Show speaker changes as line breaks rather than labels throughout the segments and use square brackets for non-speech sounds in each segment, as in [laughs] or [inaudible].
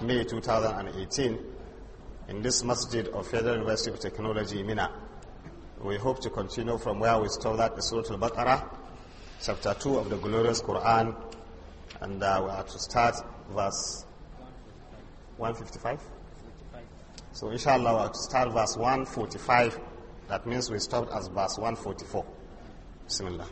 of May 2018 in this Masjid of Federal University of Technology, Mina. We hope to continue from where we stopped at the Surah Al-Baqarah, chapter 2 of the glorious Quran, and uh, we are to start verse 155. So inshallah we are to start verse 145. That means we stopped as verse 144. Bismillah.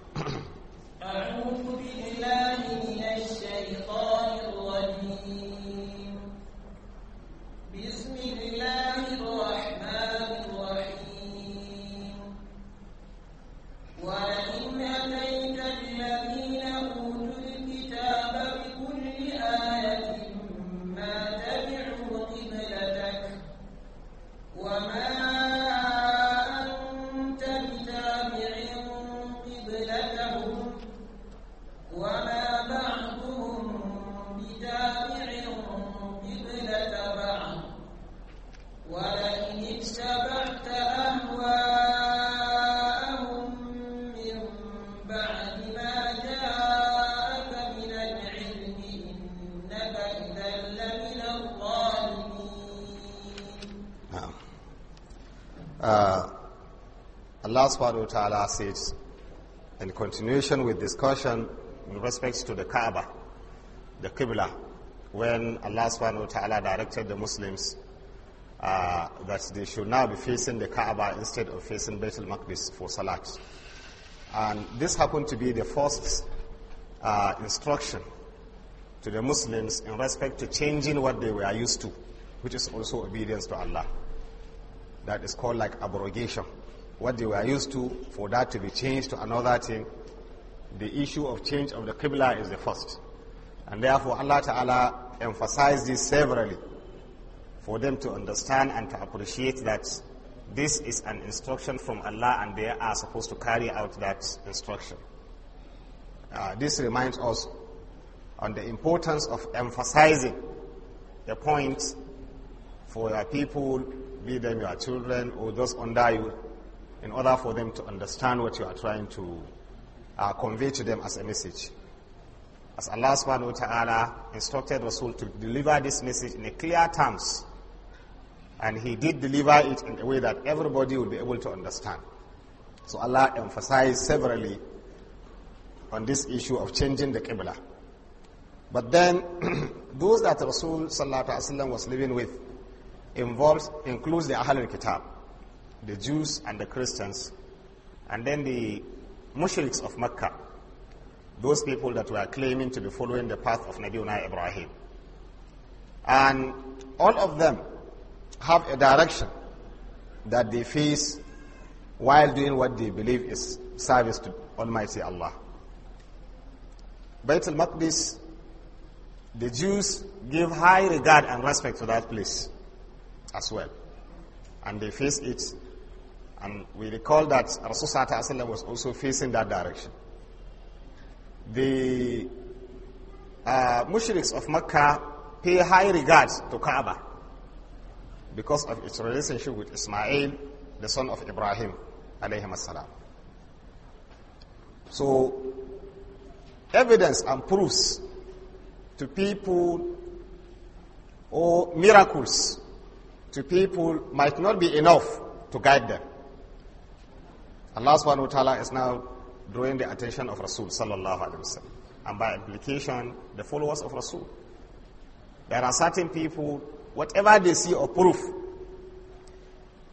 Allah subhanahu wa ta'ala says, in continuation with discussion in respect to the Kaaba, the Qibla, when Allah subhanahu wa ta'ala directed the Muslims uh, that they should now be facing the Kaaba instead of facing Bayt al-Maqdis for Salat. And this happened to be the first uh, instruction to the Muslims in respect to changing what they were used to, which is also obedience to Allah. That is called like abrogation what they were used to, for that to be changed to another thing, the issue of change of the Qibla is the first. And therefore Allah Ta'ala emphasized this severally for them to understand and to appreciate that this is an instruction from Allah and they are supposed to carry out that instruction. Uh, this reminds us on the importance of emphasizing the point for your people, be them your children or those under you, in order for them to understand what you are trying to uh, convey to them as a message. As Allah subhanahu wa ta'ala instructed Rasul to deliver this message in clear terms, and he did deliver it in a way that everybody would be able to understand. So Allah emphasized severally on this issue of changing the Qibla. But then, [clears throat] those that Rasul sallallahu alaihi wasallam was living with involves includes the Ahlul Kitab the Jews and the Christians, and then the mushriks of Mecca, those people that were claiming to be following the path of Nabiuna Ibrahim. And all of them have a direction that they face while doing what they believe is service to Almighty Allah. Bayt al Maqdis, the Jews give high regard and respect to that place as well. And they face it and we recall that Rasulullah was also facing that direction. The uh, mushriks of Mecca pay high regards to Kaaba because of its relationship with Ismail, the son of Ibrahim, alayhi salam. So, evidence and proofs to people or miracles to people might not be enough to guide them. Allah subhanahu wa ta'ala is now drawing the attention of Rasul sallallahu alayhi wasallam. And by implication, the followers of Rasul. There are certain people, whatever they see or proof,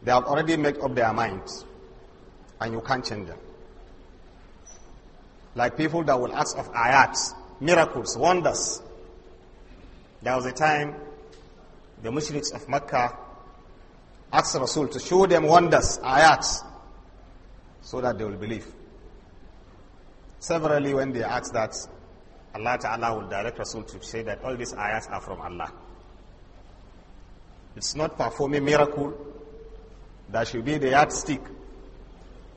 they have already made up their minds. And you can't change them. Like people that will ask of ayats, miracles, wonders. There was a time the mushriks of Mecca asked Rasul to show them wonders, ayats, so that they will believe. Severally, when they ask that, Allah Ta'ala will direct Rasul to say that all these ayat are from Allah. It's not performing miracle that should be the yardstick.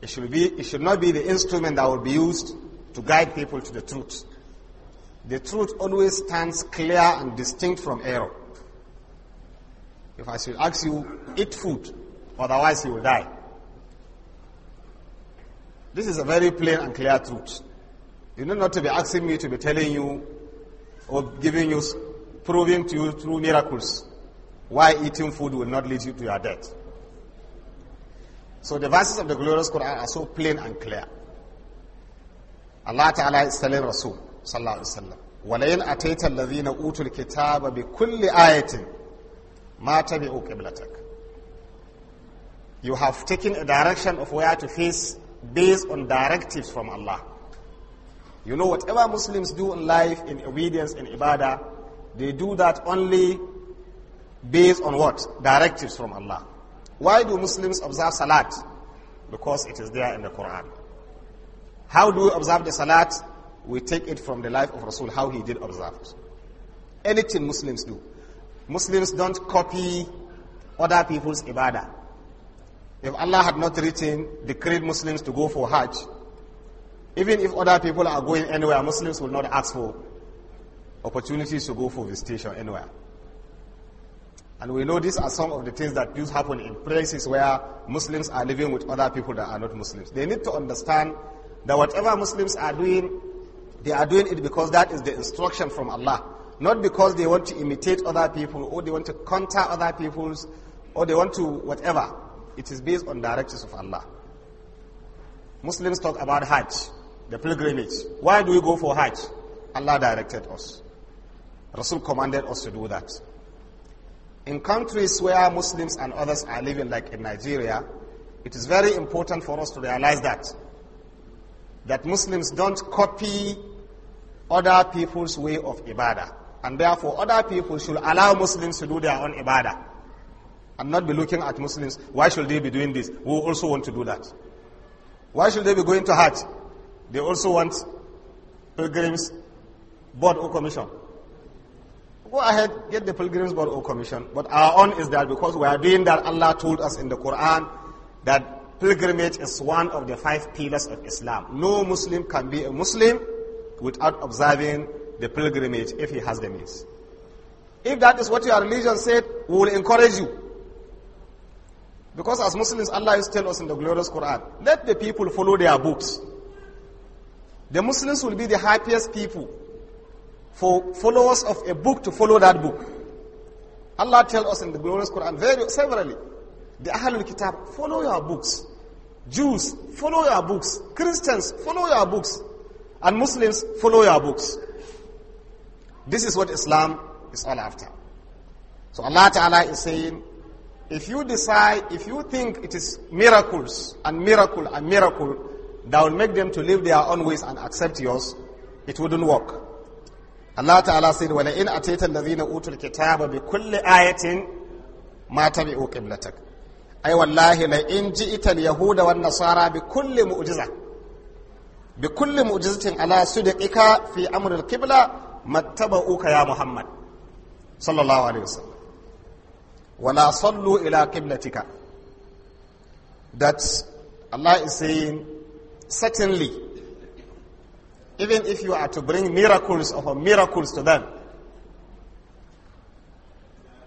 It should, be, it should not be the instrument that will be used to guide people to the truth. The truth always stands clear and distinct from error. If I should ask you, eat food, otherwise you will die. This is a very plain and clear truth. You know not to be asking me to be telling you or giving you, proving to you through miracles why eating food will not lead you to your death. So the verses of the glorious Quran are so plain and clear. Allah Ta'ala is telling Rasul Sallallahu Alaihi Wasallam وَلَيْنْ أَتَيْتَ الَّذِينَ أُوتُوا الْكِتَابَ بِكُلِّ آيَةٍ مَا تَبِعُوا قِبْلَتَكَ You have taken a direction of where to face based on directives from Allah. You know, whatever Muslims do in life, in obedience, in ibadah, they do that only based on what? Directives from Allah. Why do Muslims observe Salat? Because it is there in the Quran. How do we observe the Salat? We take it from the life of Rasul, how he did observe it. Anything Muslims do. Muslims don't copy other people's ibadah. If Allah had not written, decreed Muslims to go for Hajj, even if other people are going anywhere, Muslims will not ask for opportunities to go for visitation anywhere. And we know these are some of the things that do happen in places where Muslims are living with other people that are not Muslims. They need to understand that whatever Muslims are doing, they are doing it because that is the instruction from Allah. Not because they want to imitate other people or they want to counter other people's or they want to whatever it is based on directives of Allah. Muslims talk about Hajj, the pilgrimage. Why do we go for Hajj? Allah directed us. Rasul commanded us to do that. In countries where Muslims and others are living, like in Nigeria, it is very important for us to realize that. That Muslims don't copy other people's way of ibadah. And therefore, other people should allow Muslims to do their own ibadah and not be looking at Muslims. Why should they be doing this? We also want to do that. Why should they be going to Hajj? They also want pilgrims board or commission. Go ahead, get the pilgrims board or commission. But our own is that because we are doing that, Allah told us in the Quran that pilgrimage is one of the five pillars of Islam. No Muslim can be a Muslim without observing the pilgrimage if he has the means. If that is what your religion said, we will encourage you. Because as Muslims, Allah used to tell us in the glorious Quran, let the people follow their books. The Muslims will be the happiest people for followers of a book to follow that book. Allah tells us in the glorious Quran very severally, the Ahlul Kitab, follow your books. Jews, follow your books. Christians, follow your books. And Muslims, follow your books. This is what Islam is all after. So Allah Ta'ala is saying, if you decide, if you think it is miracles and miracle and miracle that will make them to live their own ways and accept yours, it wouldn't work. Allah Ta'ala said, وَلَئِنْ أَتَيْتَ الَّذِينَ أُوتُوا الْكِتَابَ بِكُلِّ آيَةٍ مَا تَبِعُوا قِبْلَتَكَ أي والله لئن جئت اليهود والنصارى بكل مؤجزة بكل مؤجزة على صدقك في أمر القبلة ما اتبعوك يا محمد صلى الله عليه وسلم وَلَا صَلُّوا ila قِبْلَتِكَ That Allah is saying, certainly, even if you are to bring miracles or miracles to them,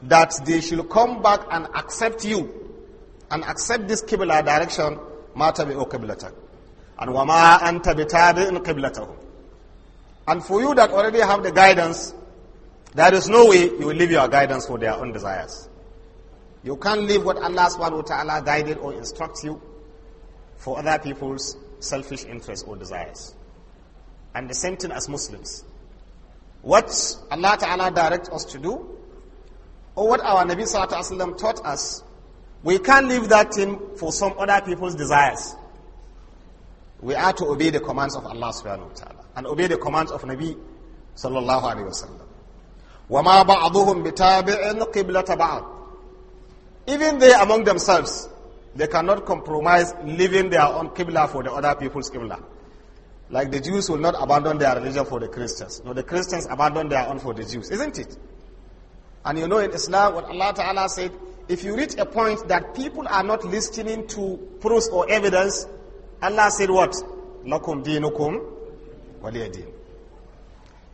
that they should come back and accept you and accept this Qibla direction, mata bi قِبْلَتَكَ And wama أَنْتَ بِتَابِعٍ قِبْلَتَهُمْ And for you that already have the guidance, there is no way you will leave your guidance for their own desires. You can't leave what Allah subhanahu wa ta'ala guided or instructs you for other people's selfish interests or desires. And the same thing as Muslims. What Allah ta'ala directs us to do, or what our Nabi sallallahu alayhi wa taught us, we can't leave that thing for some other people's desires. We are to obey the commands of Allah subhanahu wa ta'ala and obey the commands of Nabi sallallahu alayhi wa sallam. وَمَا بَعْضُهُمْ بِتَابِعٍ قِبْلَةَ بَعْضٍ even they among themselves, they cannot compromise leaving their own Qibla for the other people's Qibla. Like the Jews will not abandon their religion for the Christians. No, the Christians abandon their own for the Jews, isn't it? And you know in Islam, what Allah Ta'ala said, if you reach a point that people are not listening to proofs or evidence, Allah said what? Lakum dinukum waliyadin.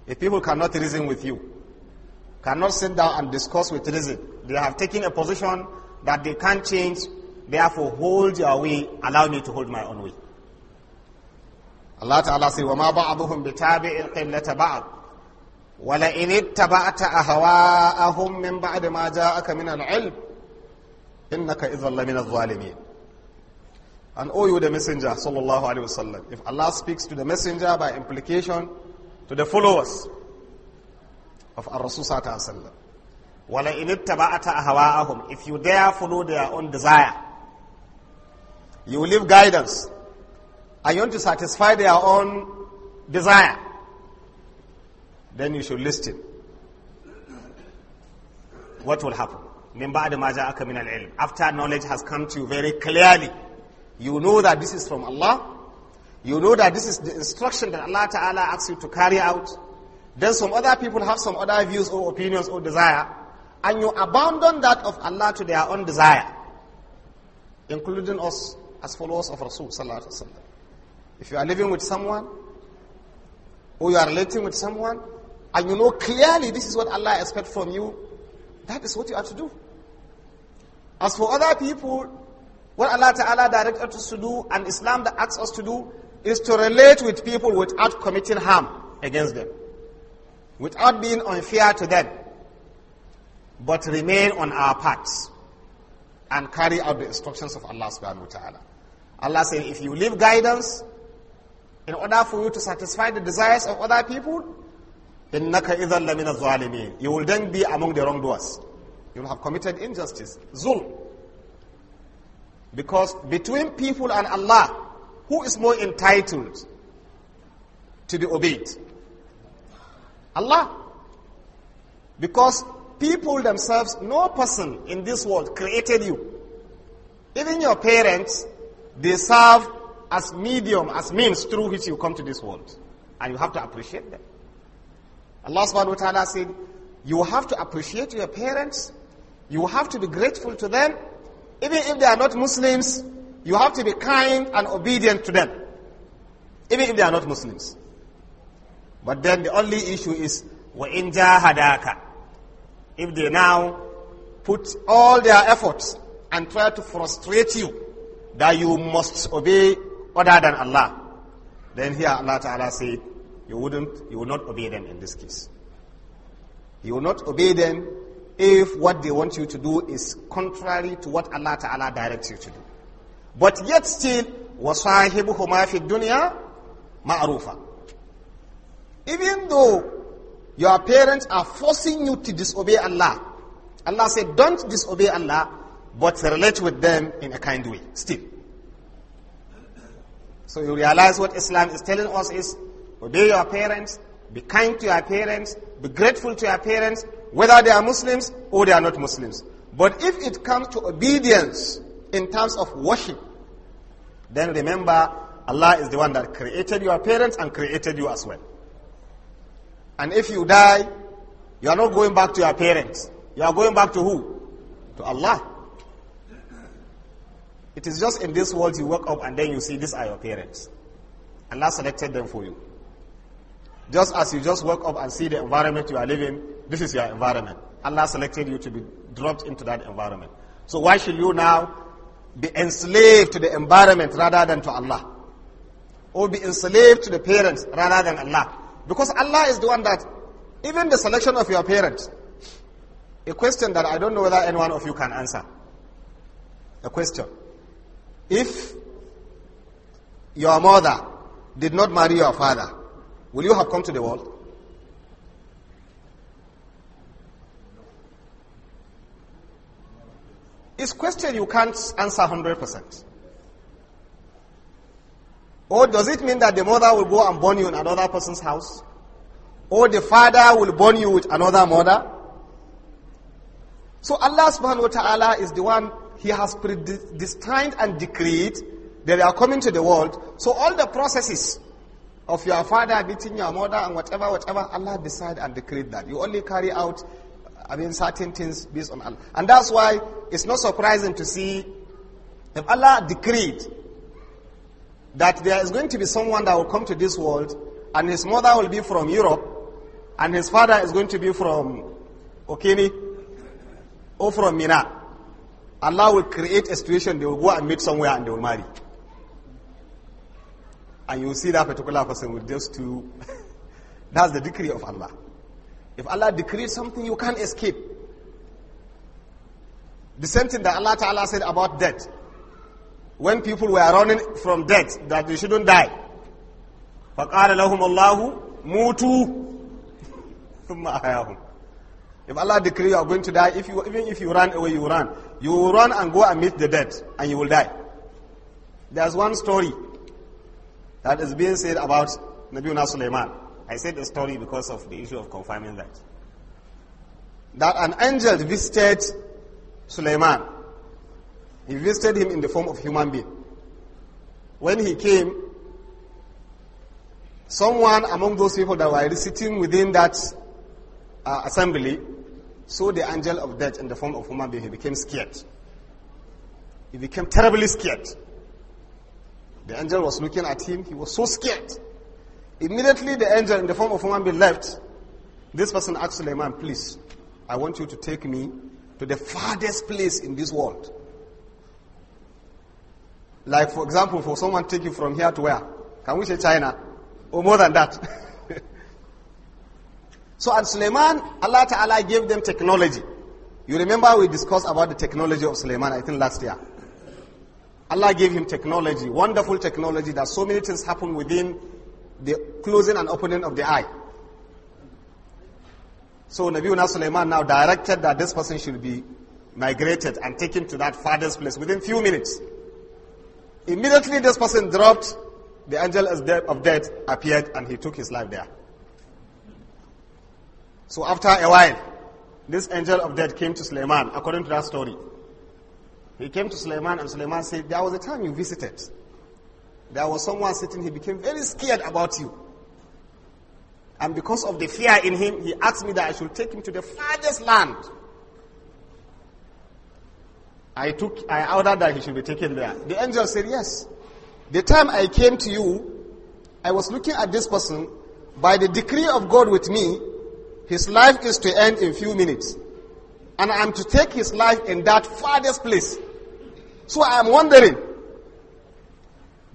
If people cannot reason with you, cannot sit down and discuss with reason, they have taken a position that they can't change. Therefore, hold your way. Allow me to hold my own way. Allah Ta'ala says, وَمَا بَعْضُهُمْ بِتَابِعِ الْقِبْلَةَ بَعْضٍ وَلَئِنِ اتَّبَعْتَ أَهْوَاءَهُمْ مِنْ بَعْدِ مَا جَاءَكَ مِنَ الْعِلْمِ إِنَّكَ إِذًا لَمِنَ الظَّالِمِينَ And O you the messenger, sallallahu alayhi wasallam, if Allah speaks to the messenger by implication to the followers of our Rasul sallallahu alayhi wasallam, wala inittaba'ata ahwa'ahum if you dare follow their own desire you will leave guidance and you want to satisfy their own desire then you should listen what will happen min ba'da ma ja'aka min al-ilm after knowledge has come to you very clearly you know that this is from Allah you know that this is the instruction that Allah Ta'ala asks you to carry out then some other people have some other views or opinions or desire and you abandon that of Allah to their own desire, including us as followers of Rasul If you are living with someone, or you are relating with someone, and you know clearly this is what Allah expects from you, that is what you are to do. As for other people, what Allah Ta'ala directs us to do, and Islam that asks us to do, is to relate with people without committing harm against them, without being unfair to them but remain on our paths and carry out the instructions of Allah subhanahu wa ta'ala. Allah said, if you leave guidance in order for you to satisfy the desires of other people, then You will then be among the wrongdoers. You will have committed injustice, zulm. Because between people and Allah, who is more entitled to be obeyed? Allah. Because people themselves, no person in this world created you. Even your parents, they serve as medium, as means through which you come to this world. And you have to appreciate them. Allah subhanahu wa ta'ala said, you have to appreciate your parents. You have to be grateful to them. Even if they are not Muslims, you have to be kind and obedient to them. Even if they are not Muslims. But then the only issue is, وَإِنْ جَاهَدَاكَ if they now put all their efforts and try to frustrate you that you must obey other than Allah, then here Allah Ta'ala said, you wouldn't, you will not obey them in this case. You will not obey them if what they want you to do is contrary to what Allah Ta'ala directs you to do. But yet still, وَصَاحِبُهُمَا فِي الدُّنْيَا مَعْرُوفًا Even though your parents are forcing you to disobey Allah. Allah said, don't disobey Allah, but relate with them in a kind way, still. So you realize what Islam is telling us is, obey your parents, be kind to your parents, be grateful to your parents, whether they are Muslims or they are not Muslims. But if it comes to obedience in terms of worship, then remember Allah is the one that created your parents and created you as well. And if you die, you are not going back to your parents. You are going back to who? To Allah. It is just in this world you wake up and then you see these are your parents. Allah selected them for you. Just as you just wake up and see the environment you are living, this is your environment. Allah selected you to be dropped into that environment. So why should you now be enslaved to the environment rather than to Allah? Or be enslaved to the parents rather than Allah? Because Allah is the one that, even the selection of your parents, a question that I don't know whether any one of you can answer. A question. If your mother did not marry your father, will you have come to the world? It's question you can't answer 100%. Or does it mean that the mother will go and burn you in another person's house? Or the father will burn you with another mother? So Allah subhanahu wa ta'ala is the one He has predestined and decreed that they are coming to the world. So all the processes of your father beating your mother and whatever, whatever, Allah decide and decreed that. You only carry out, I mean, certain things based on Allah. And that's why it's not surprising to see if Allah decreed that there is going to be someone that will come to this world and his mother will be from Europe and his father is going to be from Okini or from Mina. Allah will create a situation, they will go and meet somewhere and they will marry. And you will see that particular person with just two. [laughs] That's the decree of Allah. If Allah decrees something, you can't escape. The same thing that Allah Ta'ala said about death when people were running from death that they shouldn't die. فَقَالَ لَهُمُ اللَّهُ مُوتُوا [laughs] ثُمَّ أَحْيَاهُمْ If Allah decree you are going to die, if you, even if you run away, you run. You will run and go and meet the dead, and you will die. There's one story that is being said about Nabiuna Sulaiman. I said the story because of the issue of confirming that. That an angel visited Suleiman he visited him in the form of human being. When he came, someone among those people that were sitting within that uh, assembly saw the angel of death in the form of human being. He became scared. He became terribly scared. The angel was looking at him. He was so scared. Immediately, the angel in the form of human being left. This person asked Suleiman, please, I want you to take me to the farthest place in this world like, for example, for someone take you from here to where? Can we say China? Or more than that? [laughs] so, and Suleiman, Allah Ta'ala gave them technology. You remember we discussed about the technology of Suleiman, I think last year. Allah gave him technology, wonderful technology that so many things happen within the closing and opening of the eye. So Nabiuna Sulaiman now directed that this person should be migrated and taken to that farthest place within few minutes. Immediately this person dropped, the angel of death appeared and he took his life there. So after a while, this angel of death came to Suleiman, according to that story. He came to Suleiman and Suleiman said, there was a time you visited. There was someone sitting, he became very scared about you. And because of the fear in him, he asked me that I should take him to the farthest land I took, I ordered that he should be taken there. The angel said, yes. The time I came to you, I was looking at this person. By the decree of God with me, his life is to end in few minutes. And I'm to take his life in that farthest place. So I am wondering,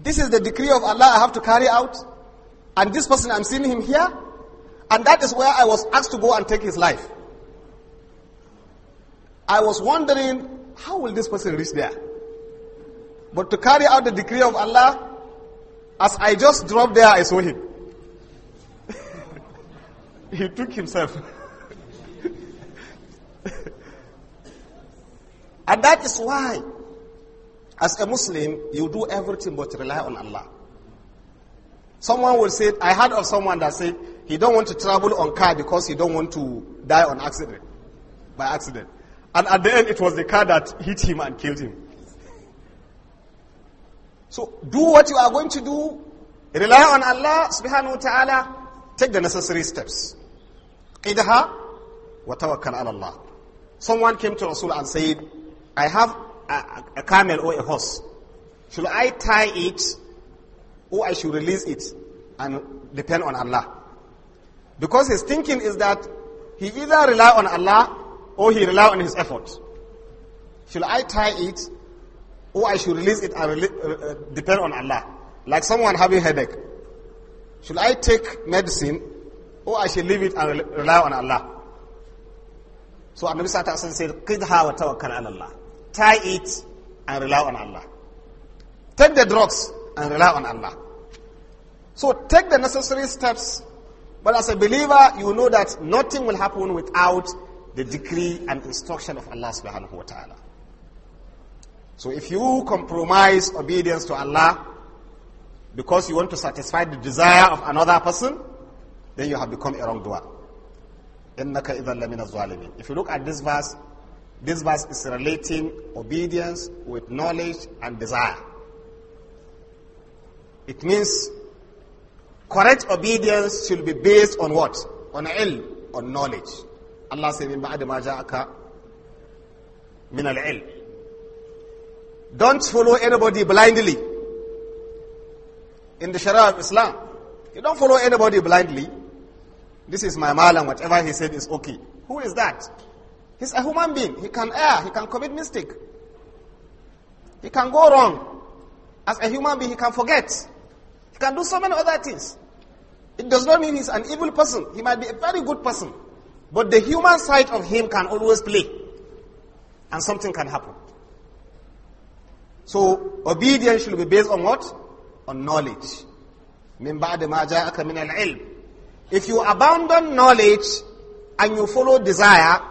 this is the decree of Allah I have to carry out. And this person, I'm seeing him here. And that is where I was asked to go and take his life. I was wondering how will this person reach there? But to carry out the decree of Allah, as I just dropped there, I saw him. [laughs] he took himself. [laughs] and that is why, as a Muslim, you do everything but rely on Allah. Someone will say, I heard of someone that said, he don't want to travel on car because he don't want to die on accident, by accident. And at the end, it was the car that hit him and killed him. So do what you are going to do. Rely on Allah subhanahu wa ta'ala. Take the necessary steps. Qidha wa tawakkal ala Allah. Someone came to Rasul and said, I have a, a camel or a horse. Should I tie it or I should release it and depend on Allah? Because his thinking is that he either rely on Allah or oh, he rely on his effort. Should I tie it or I should release it and uh, uh, depend on Allah? Like someone having headache. Should I take medicine or I should leave it and rely on Allah? So Nabi Sallallahu said, Qidha wa Allah. Tie it and rely on Allah. Take the drugs and rely on Allah. So take the necessary steps. But as a believer, you know that nothing will happen without the decree and instruction of Allah subhanahu wa ta'ala. So if you compromise obedience to Allah because you want to satisfy the desire of another person, then you have become a wrongdoer. If you look at this verse, this verse is relating obedience with knowledge and desire. It means correct obedience should be based on what? On ilm, on knowledge. Allah said, min ba'di ma min al-ilm. Don't follow anybody blindly. In the Sharia of Islam, you don't follow anybody blindly. This is my mal and whatever he said is okay. Who is that? He's a human being. He can err. He can commit mistake. He can go wrong. As a human being, he can forget. He can do so many other things. It does not mean he's an evil person. He might be a very good person. But the human side of him can always play. And something can happen. So obedience should be based on what? On knowledge. If you abandon knowledge and you follow desire,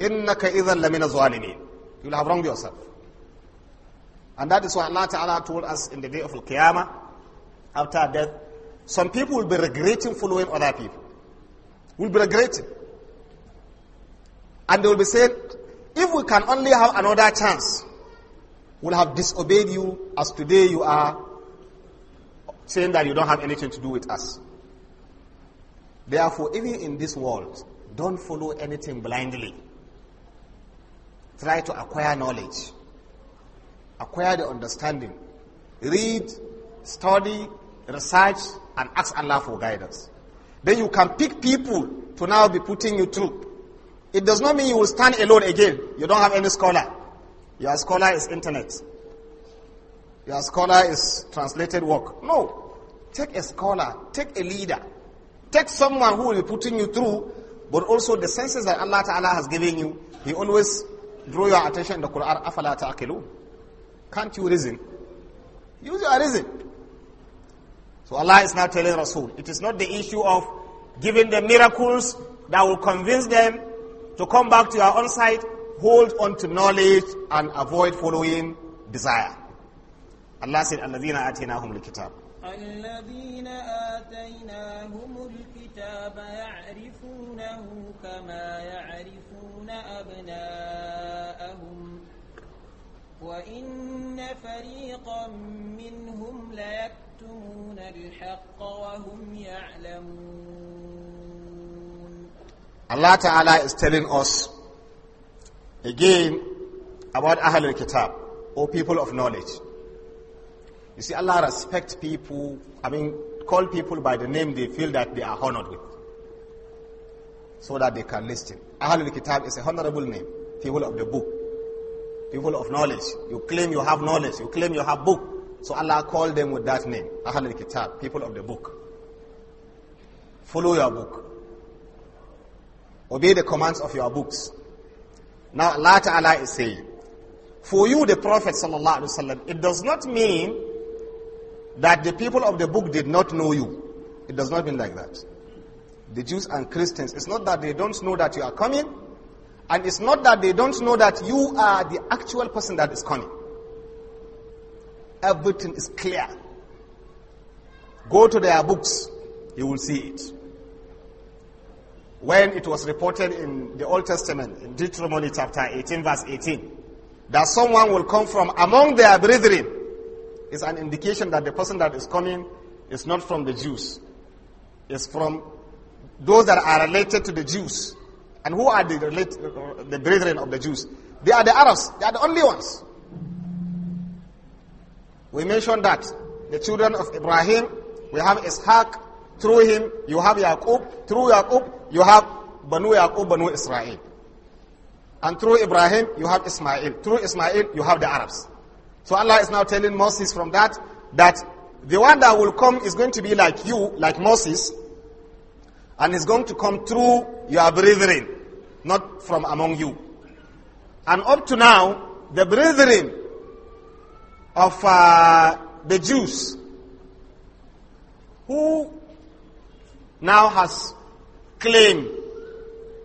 You'll have wronged yourself. And that is what Allah Ta'ala told us in the day of Al-Qiyamah, after death. Some people will be regretting following other people. Will be regretting. And they will be saying, if we can only have another chance, we'll have disobeyed you as today you are saying that you don't have anything to do with us. Therefore, even in this world, don't follow anything blindly. Try to acquire knowledge, acquire the understanding. Read, study, research, and ask Allah for guidance. Then you can pick people to now be putting you through. It does not mean you will stand alone again. You don't have any scholar. Your scholar is internet. Your scholar is translated work. No. Take a scholar, take a leader, take someone who will be putting you through, but also the senses that Allah Ta'ala has given you. He always draw your attention in the Quran. Afala ta'akilu. Can't you reason? Use your reason. So Allah is now telling Rasul, it is not the issue of giving them miracles that will convince them to come back to our own side, hold on to knowledge and avoid following desire. Allah said, Alladina Atina Humul Kitab. Alladina Atina Humul
Kitab Ya'rifunahu kama Ya'rifuna Abna'ahum. Wa inna fariqan minhum la yaktumuna wa hum
ya'lamun. Allah Ta'ala is telling us again about Ahlul Kitab or people of knowledge. You see, Allah respects people, I mean, call people by the name they feel that they are honored with so that they can listen. Ahlul Kitab is a honorable name, people of the book, people of knowledge. You claim you have knowledge, you claim you have book. So Allah called them with that name, Ahlul Kitab, people of the book. Follow your book. Obey the commands of your books. Now Allah Ta'ala is saying, for you the Prophet Sallallahu Alaihi Wasallam, it does not mean that the people of the book did not know you. It does not mean like that. The Jews and Christians, it's not that they don't know that you are coming, and it's not that they don't know that you are the actual person that is coming. Everything is clear. Go to their books, you will see it when it was reported in the Old Testament, in Deuteronomy chapter 18, verse 18, that someone will come from among their brethren is an indication that the person that is coming is not from the Jews, it's from those that are related to the Jews. And who are the, relate, the brethren of the Jews? They are the Arabs, they are the only ones. We mentioned that the children of Ibrahim, we have Ishaq, through him, you have Yaqub. Through Yaqub, you have Banu Yaqub, Banu Israel. And through Ibrahim, you have Ismail. Through Ismail, you have the Arabs. So Allah is now telling Moses from that, that the one that will come is going to be like you, like Moses, and is going to come through your brethren, not from among you. And up to now, the brethren of uh, the Jews who now has claimed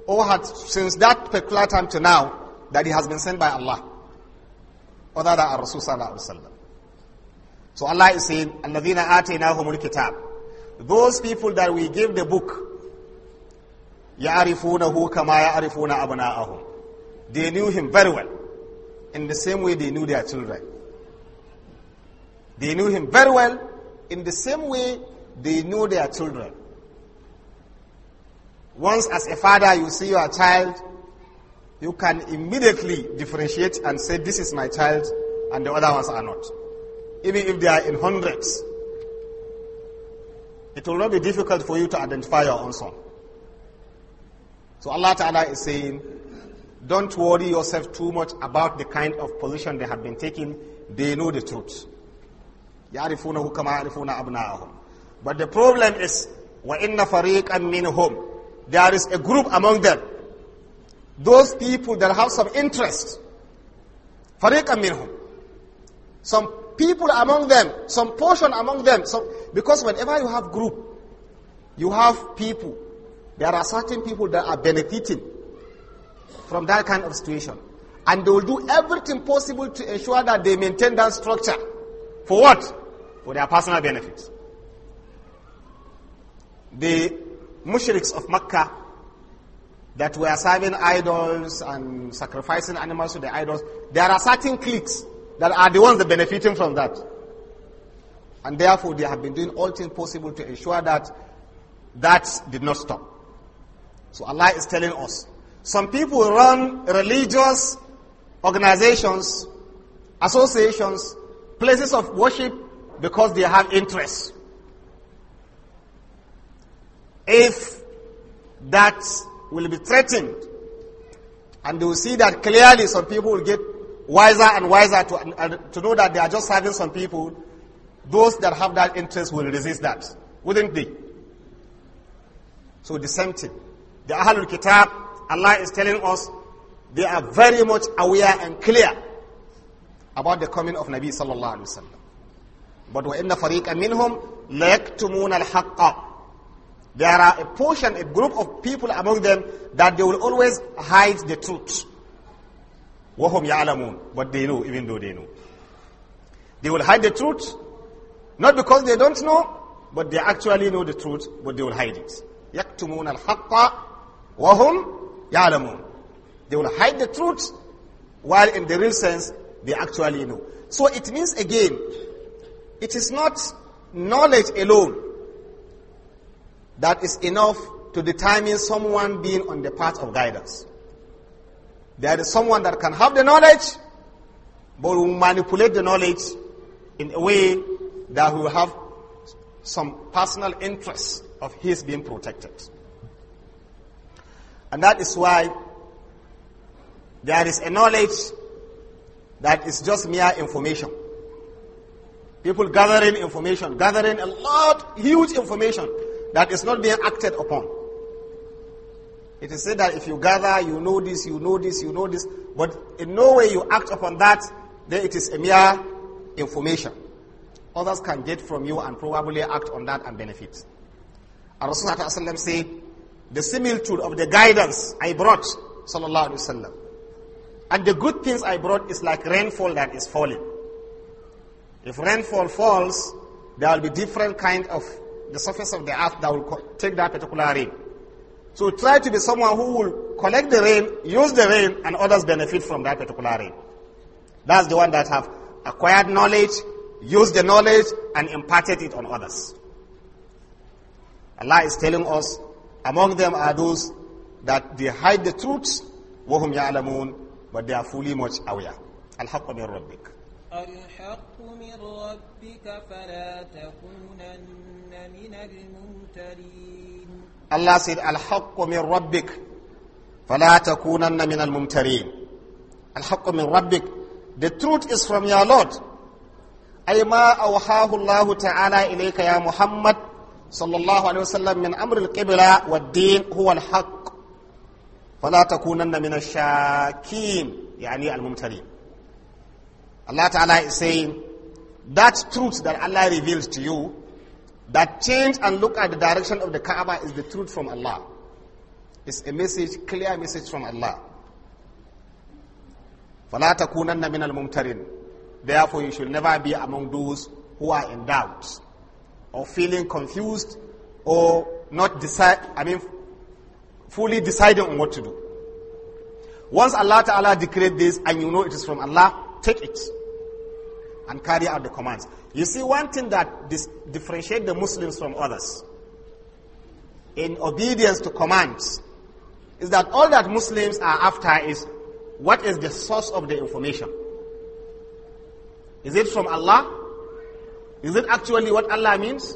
or had since that particular time to now that he has been sent by Allah other than Rasul sallallahu alaihi wasallam. So Allah is saying, "Alladhina the kitab." Those people that we give the book, They knew him very well. In the same way they knew their children. They knew him very well. In the same way they knew their children. Once as a father you see your child, you can immediately differentiate and say, this is my child and the other ones are not. Even if they are in hundreds, it will not be difficult for you to identify your own son. So Allah Ta'ala is saying, don't worry yourself too much about the kind of position they have been taking. They know the truth. يَعْرِفُونَهُ كَمَا يَعْرِفُونَ أَبْنَاءَهُمْ But the problem is, وَإِنَّ فَرِيقًا مِّنْهُمْ there is a group among them. Those people that have some interest. Some people among them, some portion among them. So, because whenever you have group, you have people. There are certain people that are benefiting from that kind of situation. And they will do everything possible to ensure that they maintain that structure. For what? For their personal benefits. The mushriks of Mecca that were serving idols and sacrificing animals to the idols, there are certain cliques that are the ones that benefiting from that. And therefore, they have been doing all things possible to ensure that that did not stop. So Allah is telling us. Some people run religious organizations, associations, places of worship because they have interests if that will be threatened. And they will see that clearly some people will get wiser and wiser to, to know that they are just serving some people. Those that have that interest will resist that, wouldn't they? So the same thing. The Ahlul Kitab, Allah is telling us, they are very much aware and clear about the coming of Nabi sallallahu alaihi wasallam. But وَإِنَّ فَرِيقًا مِّنْهُمْ لَيَكْتُمُونَ الْحَقَّ there are a portion, a group of people among them that they will always hide the truth. وَهُمْ يَعْلَمُونَ But they know, even though they know. They will hide the truth, not because they don't know, but they actually know the truth, but they will hide it. يَكْتُمُونَ الْحَقَّ وَهُمْ يَعْلَمُونَ They will hide the truth, while in the real sense, they actually know. So it means again, it is not knowledge alone that is enough to determine someone being on the path of guidance. There is someone that can have the knowledge, but will manipulate the knowledge in a way that will have some personal interest of his being protected. And that is why there is a knowledge that is just mere information. People gathering information, gathering a lot, huge information, that is not being acted upon. It is said that if you gather, you know this, you know this, you know this, but in no way you act upon that, then it is a mere information. Others can get from you and probably act on that and benefit. And Rasulullah say, the similitude of the guidance I brought, sallallahu alaihi wasallam, and the good things I brought is like rainfall that is falling. If rainfall falls, there will be different kind of the surface of the earth that will take that particular rain. So try to be someone who will collect the rain, use the rain, and others benefit from that particular rain. That's the one that have acquired knowledge, used the knowledge, and imparted it on others. Allah is telling us, among them are those that they hide the truth, وَهُمْ يَعْلَمُونَ But they are fully much aware. الحق من ربك
الحق من ربك فلا تكونن
لمن الممترين الله سيد الحق من ربك فلا تكونن من الممترين الحق من ربك The truth is from your Lord أي ما أوحاه الله تعالى إليك يا محمد صلى الله عليه وسلم من أمر القبلة والدين هو الحق فلا تكونن من الشاكين يعني الممترين Allah Ta'ala is saying that truth that Allah reveals to you that change and look at the direction of the Kaaba is the truth from Allah. It's a message, clear message from Allah. Therefore, you should never be among those who are in doubt or feeling confused or not decide, I mean, fully deciding on what to do. Once Allah Ta'ala decreed this and you know it is from Allah, take it and carry out the commands. You see, one thing that differentiates the Muslims from others in obedience to commands is that all that Muslims are after is what is the source of the information? Is it from Allah? Is it actually what Allah means?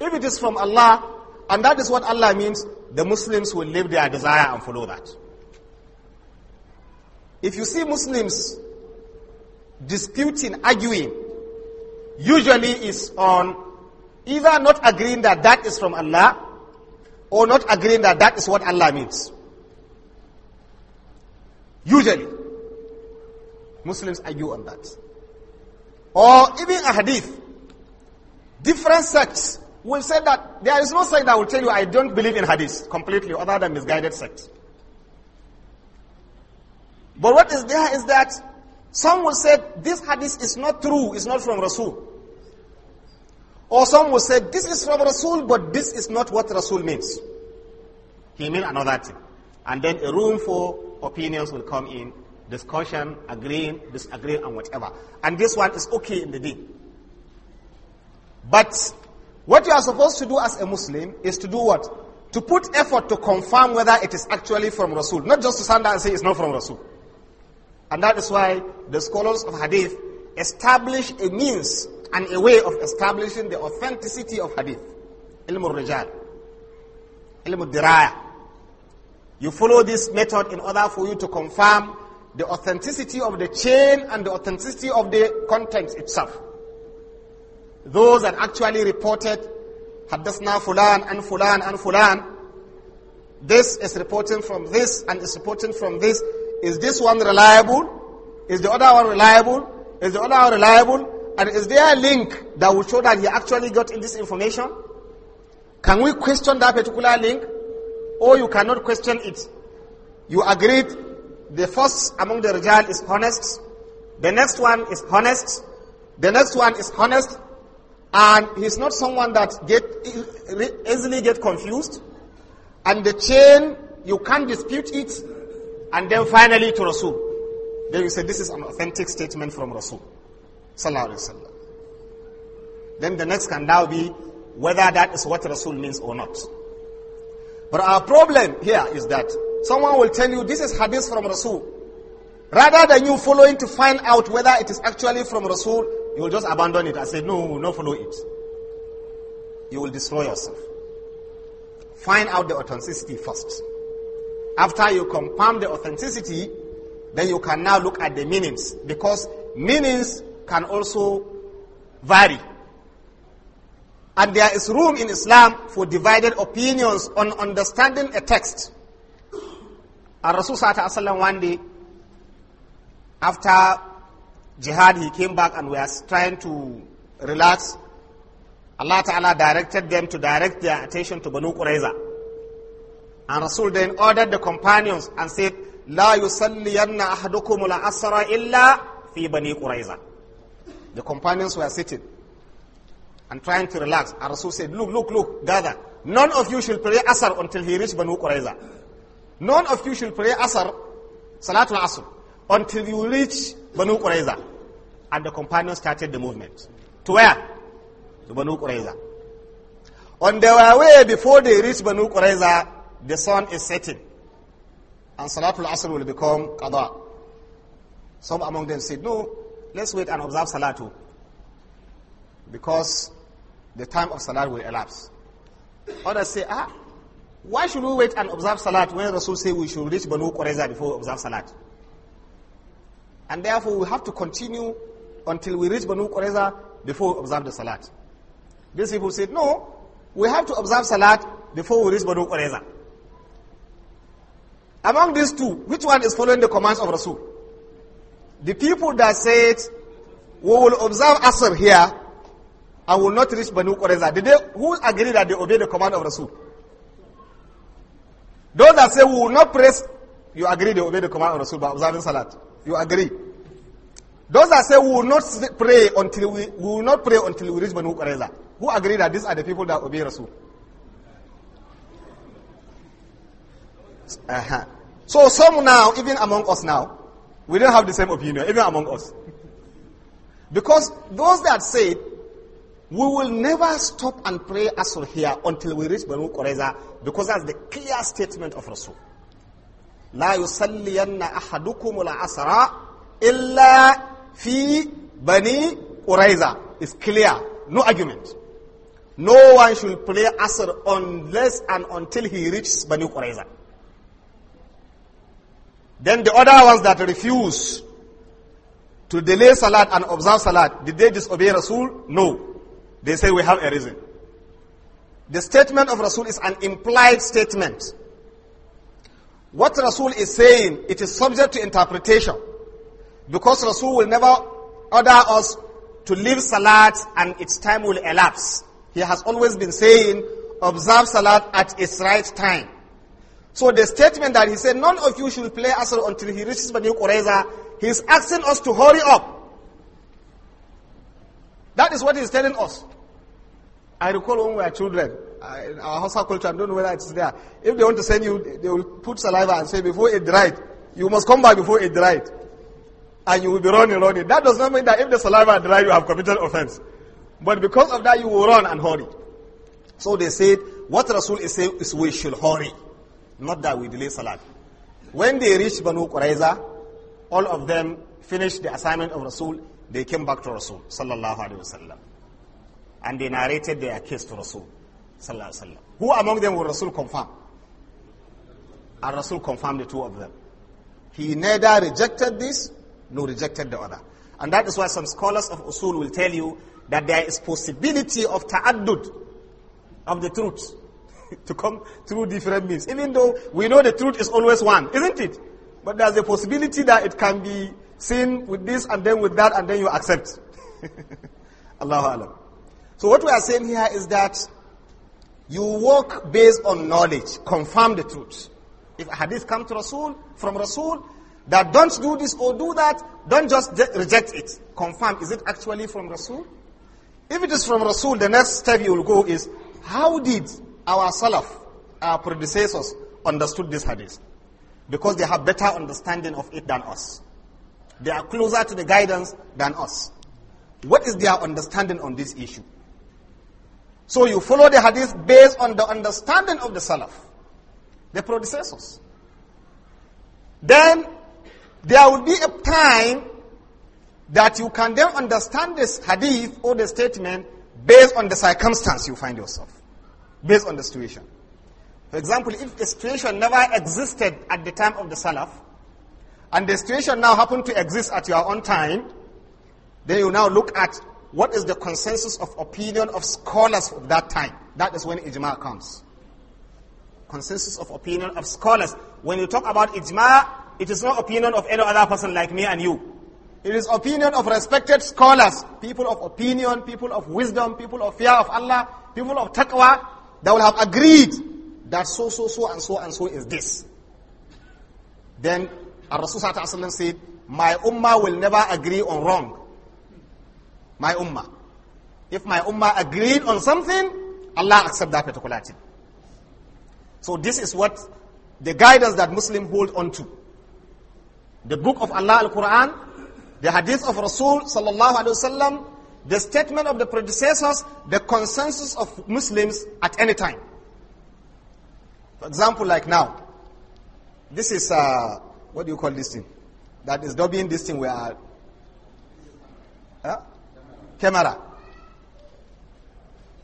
If it is from Allah, and that is what Allah means, the Muslims will live their desire and follow that. If you see Muslims disputing, arguing, usually is on either not agreeing that that is from Allah or not agreeing that that is what Allah means. Usually, Muslims argue on that. Or even a hadith. Different sects will say that there is no sect that will tell you I don't believe in hadith completely other than misguided sects. But what is there is that some will say this hadith is not true, it's not from Rasul. Or some will say, this is from Rasul, but this is not what Rasul means. He means another thing. And then a room for opinions will come in, discussion, agreeing, disagreeing, and whatever. And this one is okay in the deen. But what you are supposed to do as a Muslim is to do what? To put effort to confirm whether it is actually from Rasul. Not just to stand there and say it's not from Rasul. And that is why the scholars of Hadith establish a means and a way of establishing the authenticity of hadith. Ilm rijal Ilm diraya You follow this method in order for you to confirm the authenticity of the chain and the authenticity of the content itself. Those that actually reported حدثنا fulan and fulan and fulan. this is reporting from this and is reporting from this. Is this one reliable? Is the other one reliable? Is the other one reliable? And is there a link that will show that he actually got in this information? Can we question that particular link? Or you cannot question it. You agreed the first among the rijal is honest, the next one is honest, the next one is honest, and he's not someone that get easily get confused. And the chain, you can't dispute it. And then finally to Rasul. Then you say, this is an authentic statement from Rasul. Then the next can now be whether that is what Rasul means or not. But our problem here is that someone will tell you this is hadith from Rasul. Rather than you following to find out whether it is actually from Rasul, you will just abandon it and say, no, no follow it. You will destroy yourself. Find out the authenticity first. After you confirm the authenticity, then you can now look at the meanings because meanings can also vary. And there is room in Islam for divided opinions on understanding a text. And Rasul one day, after jihad, he came back and was trying to relax. Allah Ta'ala directed them to direct their attention to Banu Qurayza. And Rasul then ordered the companions and said, لا يصلين أحدكم العصر إلا في بني قريظة the companions were sitting and trying to relax. And Rasul said, Look, look, look, gather. None of you shall pray Asr until he reaches Banu Qurayza. None of you shall pray Asr, Salatul Asr, until you reach Banu Qurayza. And the companions started the movement. To where? To Banu Qurayza. On their way, before they reach Banu Qurayza, the sun is setting. And Salatul Asr will become Qadha. Some among them said, No, Let's wait and observe Salah too. Because the time of Salah will elapse. Others say, ah, why should we wait and observe Salat when Rasul say we should reach Banu Qurayza before we observe Salat? And therefore we have to continue until we reach Banu Qurayza before we observe the Salat. These people said, no, we have to observe Salat before we reach Banu Qurayza. Among these two, which one is following the commands of Rasul? The people that said, we will observe Asr here and will not reach Banu Qurayza, did they, who agree that they obey the command of Rasul? Those that say we will not press, you agree they obey the command of Rasul by observing Salat. You agree. Those that say we will not pray until we, we will not pray until we reach Banu Qurayza, who agree that these are the people that obey Rasul? Uh -huh. So some now, even among us now, we don't have the same opinion, even among us. Because those that say, we will never stop and pray Asr here until we reach Banu Qurayza, because that's the clear statement of Rasul. لا يصلين أحدكم العصر إلا في بني Qurayza. It's clear. No argument. No one should pray Asr unless and until he reaches Banu Qurayza. Then the other ones that refuse to delay Salat and observe Salat, did they disobey Rasul? No. They say we have a reason. The statement of Rasul is an implied statement. What Rasul is saying, it is subject to interpretation. Because Rasul will never order us to leave Salat and its time will elapse. He has always been saying, observe Salat at its right time. So the statement that he said, none of you should play Asr until he reaches Banu Qurayza, he's asking us to hurry up. That is what he's telling us. I recall when we were children, in our Hausa culture, I don't know whether it's there. If they want to send you, they will put saliva and say, before it dried, you must come back before it dried. And you will be running, running. That does not mean that if the saliva dried, you have committed offense. But because of that, you will run and hurry. So they said, what Rasul is saying is we should hurry. Not that we delay Salat. When they reached Banu Qurayza, all of them finished the assignment of Rasul. They came back to Rasul, sallallahu alayhi wasallam. And they narrated their case to Rasul, sallallahu alayhi wasallam. Who among them will Rasul confirm? And Rasul confirmed the two of them. He neither rejected this nor rejected the other. And that is why some scholars of Usul will tell you that there is possibility of ta'addud of the truth. [laughs] to come through different means. Even though we know the truth is always one, isn't it? But there's a possibility that it can be seen with this and then with that and then you accept. [laughs] Allahu Alam. So what we are saying here is that you walk based on knowledge, confirm the truth. If hadith come to Rasul, from Rasul, that don't do this or do that, don't just reject it. Confirm, is it actually from Rasul? If it is from Rasul, the next step you will go is, how did our salaf, our predecessors, understood this hadith because they have better understanding of it than us. They are closer to the guidance than us. What is their understanding on this issue? So you follow the hadith based on the understanding of the salaf, the predecessors. Then there will be a time that you can then understand this hadith or the statement based on the circumstance you find yourself based on the situation. For example, if a situation never existed at the time of the Salaf, and the situation now happened to exist at your own time, then you now look at what is the consensus of opinion of scholars of that time. That is when ijma comes. Consensus of opinion of scholars. When you talk about ijma, it is not opinion of any other person like me and you. It is opinion of respected scholars, people of opinion, people of wisdom, people of fear of Allah, people of taqwa, that will have agreed that so, so, so, and so, and so is this. Then Rasul said, My ummah will never agree on wrong. My ummah. If my ummah agreed on something, Allah accept that particular thing. So this is what the guidance that Muslims hold on to. The book of Allah, Al-Quran, the hadith of Rasul, sallallahu alayhi wasallam, the statement of the predecessors, the consensus of Muslims at any time. For example, like now, this is, uh, what do you call this thing? That is dubbing this thing where, uh, camera.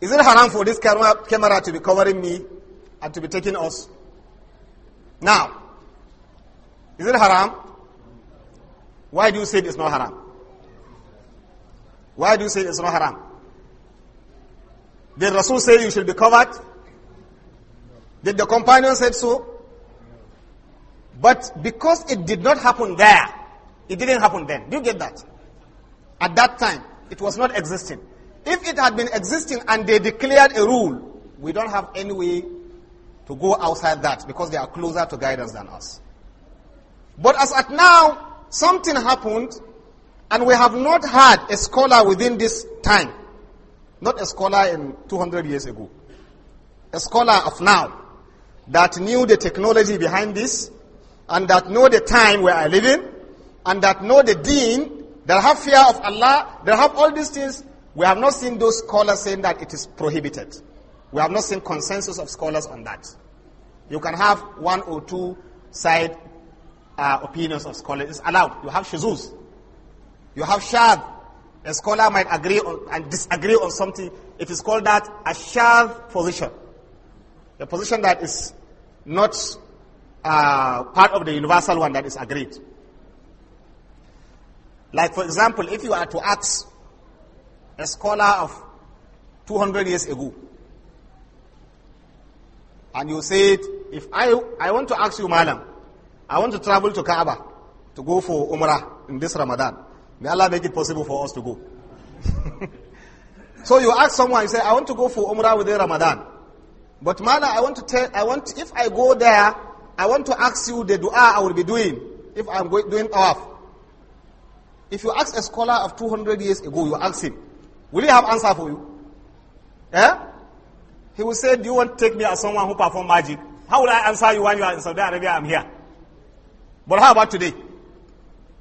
Is it haram for this camera, camera to be covering me and to be taking us? Now, is it haram? Why do you say it's not haram? Why do you say it's not haram? Did Rasul say you should be covered? Did the companion say so? But because it did not happen there, it didn't happen then. Do you get that? At that time, it was not existing. If it had been existing and they declared a rule, we don't have any way to go outside that because they are closer to guidance than us. But as at now, something happened and we have not had a scholar within this time, not a scholar in 200 years ago, a scholar of now that knew the technology behind this and that know the time where I live in and that know the deen, that have fear of Allah, that have all these things. We have not seen those scholars saying that it is prohibited. We have not seen consensus of scholars on that. You can have one or two side uh, opinions of scholars. It's allowed. You have shizus. You have shadh. A scholar might agree on, and disagree on something. It is called that a shadh position. A position that is not uh, part of the universal one that is agreed. Like, for example, if you are to ask a scholar of 200 years ago, and you said, if I, I want to ask you, madam, I want to travel to Kaaba to go for Umrah in this Ramadan. May Allah make it possible for us to go. [laughs] so you ask someone, you say, I want to go for Umrah within Ramadan. But man, I want to tell, I want, if I go there, I want to ask you the dua I will be doing if I'm going, doing tawaf. If you ask a scholar of 200 years ago, you ask him, will he have answer for you? Eh? He will say, do you want to take me as someone who perform magic? How will I answer you when you are in Saudi Arabia? I'm here. But how about today?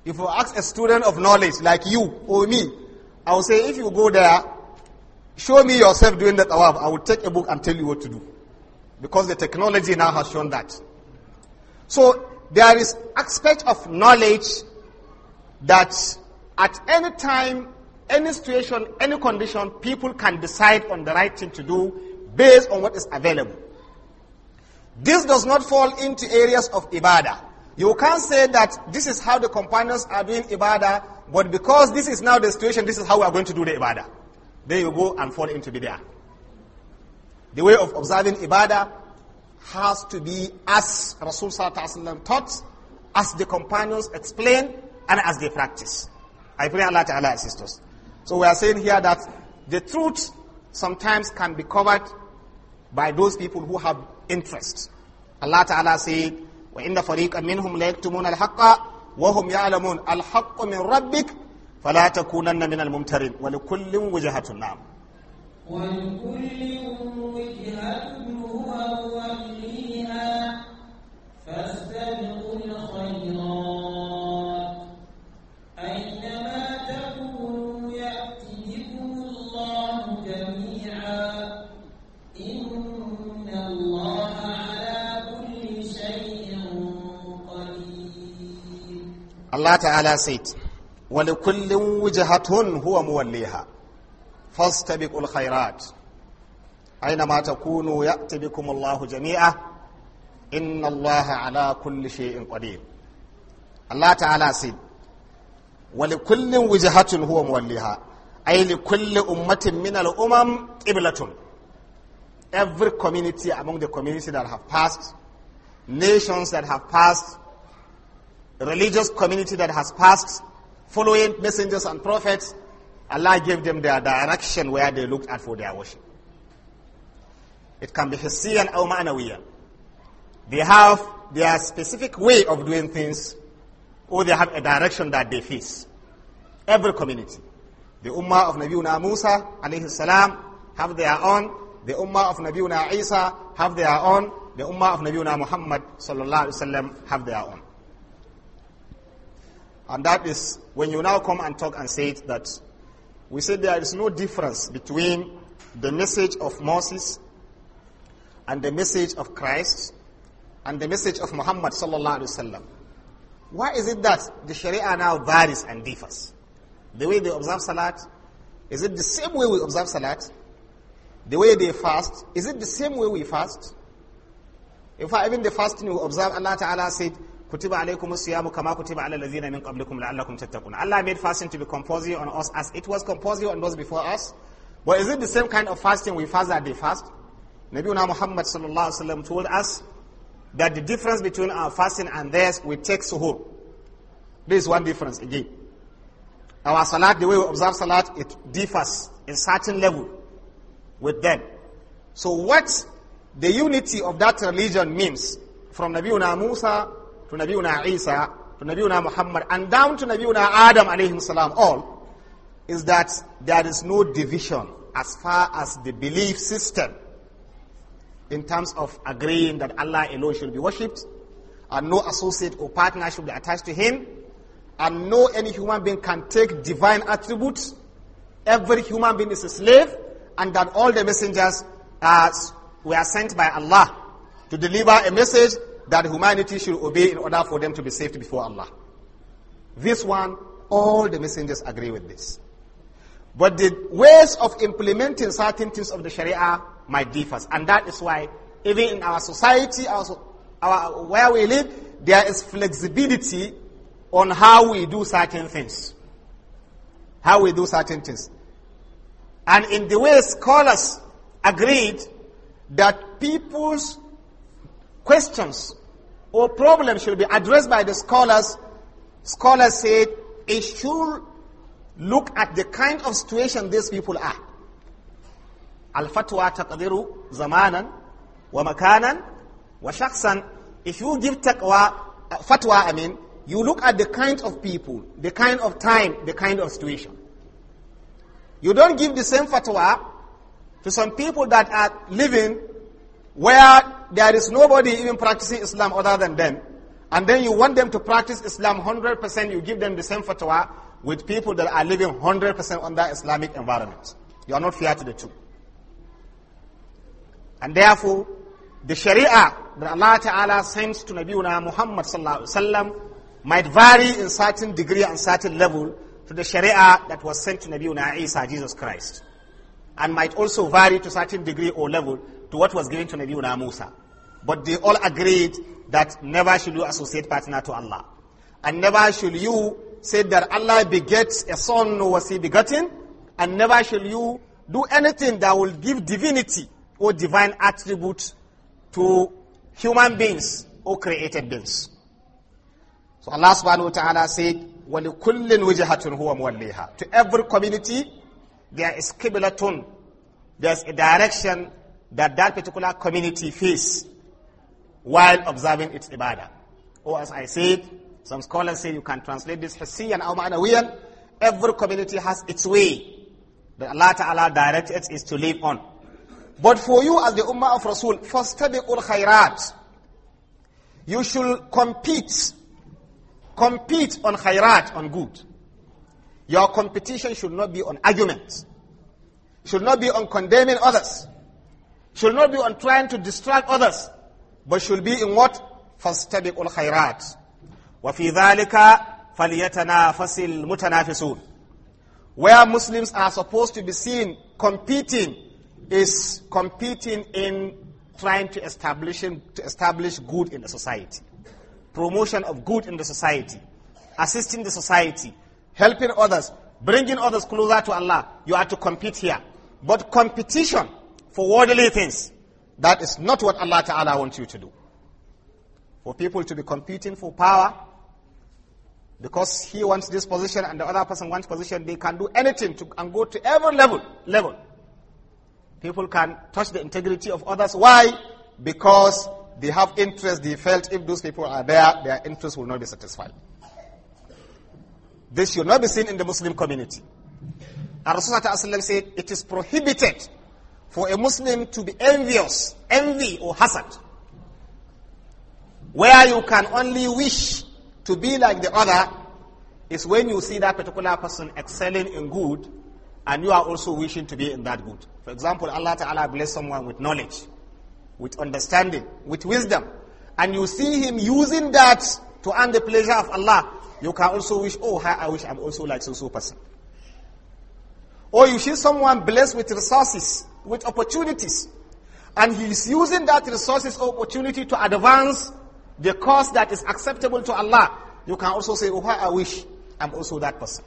If you ask a student of knowledge like you or me, I will say, if you go there, show me yourself doing that tawaf. I will take a book and tell you what to do. Because the technology now has shown that. So there is aspect of knowledge that at any time, any situation, any condition, people can decide on the right thing to do based on what is available. This does not fall into areas of ibadah. You can't say that this is how the companions are doing ibadah, but because this is now the situation, this is how we are going to do the ibadah. Then you go and fall into bid'ah. The way of observing ibadah has to be as Rasul taught, as the companions explain, and as they practice. I pray Allah Ta'ala assist us. So we are saying here that the truth sometimes can be covered by those people who have interest. Allah Ta'ala said, وإن فريقا منهم لا يكتمون الحق وهم يعلمون الحق من ربك فلا تكونن من الممترين ولكل وجهة نعم
ولكل وجهة هو موليها فاستقيم
Allah ta'ala said wa li kullin wujhatun huwa muwalliha fastabiqul khairat aina ma takunu ya'ti bikum Allah jami'a inna Allah ala kulli shay'in qadir Allah ta'ala said wa li kullin wujhatun huwa muwalliha ay li kulli ummatin min al umam qiblatun every community among the communities that have passed nations that have passed religious community that has passed, following messengers and prophets, Allah gave them their direction where they looked at for their worship. It can be Hissiyan or Ma'anawiyan. They have their specific way of doing things, or they have a direction that they face. Every community. The Ummah of Nabiuna Musa, alayhi salam, have their own. The Ummah of Nabiuna Isa have their own. The Ummah of Nabiuna Muhammad, Salallahu alayhi wasallam, have their own. And that is when you now come and talk and say it that we said there is no difference between the message of Moses and the message of Christ and the message of Muhammad sallallahu alaihi wasallam. Why is it that the Sharia now varies and differs? The way they observe Salat, is it the same way we observe Salat? The way they fast, is it the same way we fast? In fact, even the fasting we observe, Allah Ta'ala said, Kutiba alaykum siyamu kama min qablikum la'allakum tattaqun. Allah made fasting to be compulsory on us as it was compulsory on those before us. But is it the same kind of fasting we fast that they fast? Nabiuna Muhammad sallallahu alaihi wasallam told us that the difference between our fasting and theirs, we take suhoor. There is one difference again. Our salat, the way we observe salat, it differs in certain level with them. So what the unity of that religion means from Nabiuna Musa to Nabiuna Isa, to Nabiuna Muhammad, and down to Nabiuna Adam alayhi salam, all, is that there is no division as far as the belief system in terms of agreeing that Allah alone should be worshipped, and no associate or partner should be attached to him, and no any human being can take divine attributes. Every human being is a slave, and that all the messengers were sent by Allah to deliver a message that humanity should obey in order for them to be saved before Allah. This one, all the messengers agree with this. But the ways of implementing certain things of the Sharia might differ. And that is why, even in our society, our, our, where we live, there is flexibility on how we do certain things. How we do certain things. And in the way scholars agreed that people's questions or problems should be addressed by the scholars, scholars said it should look at the kind of situation these people are. Al-fatwa taqdiru zamanan wa makanan wa If you give taqwa, uh, fatwa, I mean, you look at the kind of people, the kind of time, the kind of situation. You don't give the same fatwa to some people that are living where there is nobody even practicing Islam other than them, and then you want them to practice Islam 100%, you give them the same fatwa with people that are living 100% under Islamic environment. You are not fair to the two. And therefore, the Sharia that Allah Ta'ala sends to Nabiuna Muhammad Sallallahu Alaihi Wasallam might vary in certain degree and certain level to the Sharia that was sent to Nabiuna Isa, Jesus Christ. And might also vary to certain degree or level to what was given to Nabiuna Musa. But they all agreed that never should you associate partner to Allah. And never should you say that Allah begets a son who was he begotten. And never shall you do anything that will give divinity or divine attribute to human beings or created beings. So Allah subhanahu wa ta'ala said, وَلِكُلِّنْ وِجَهَةٌ هُوَ مُوَلِّيهَا To every community, there is qiblatun, there is a direction that that particular community face while observing its ibadah. Or as I said, some scholars say you can translate this and aw ma'nawiyan. Every community has its way that Allah Ta'ala directs is to live on. But for you as the Ummah of Rasul, fastabiqul khairat. You should compete. Compete on khairat, on good. Your competition should not be on arguments. Should not be on condemning others. Should not be on trying to distract others, but should be in what? فَاسْتَبِقُوا الْخَيْرَاتِ وَفِي ذَلِكَ فَلْيَتَنَافَسِ الْمُتَنَافِسُونَ Where Muslims are supposed to be seen competing is competing in trying to establish, to establish good in the society. Promotion of good in the society. Assisting the society. Helping others. Bringing others closer to Allah. You are to compete here. But competition for worldly things. That is not what Allah Ta'ala wants you to do. For people to be competing for power, because he wants this position and the other person wants position, they can do anything to, and go to every level, level. People can touch the integrity of others. Why? Because they have interest, they felt if those people are there, their interest will not be satisfied. This should not be seen in the Muslim community. And Rasulullah said, it is prohibited for a Muslim to be envious, envy or hasad, where you can only wish to be like the other is when you see that particular person excelling in good and you are also wishing to be in that good. For example, Allah Ta'ala bless someone with knowledge, with understanding, with wisdom, and you see him using that to earn the pleasure of Allah, you can also wish, oh, I wish I'm also like so-so person. Or you see someone blessed with resources, with opportunities. And he is using that resources opportunity to advance the cause that is acceptable to Allah. You can also say, oh, I wish I'm also that person.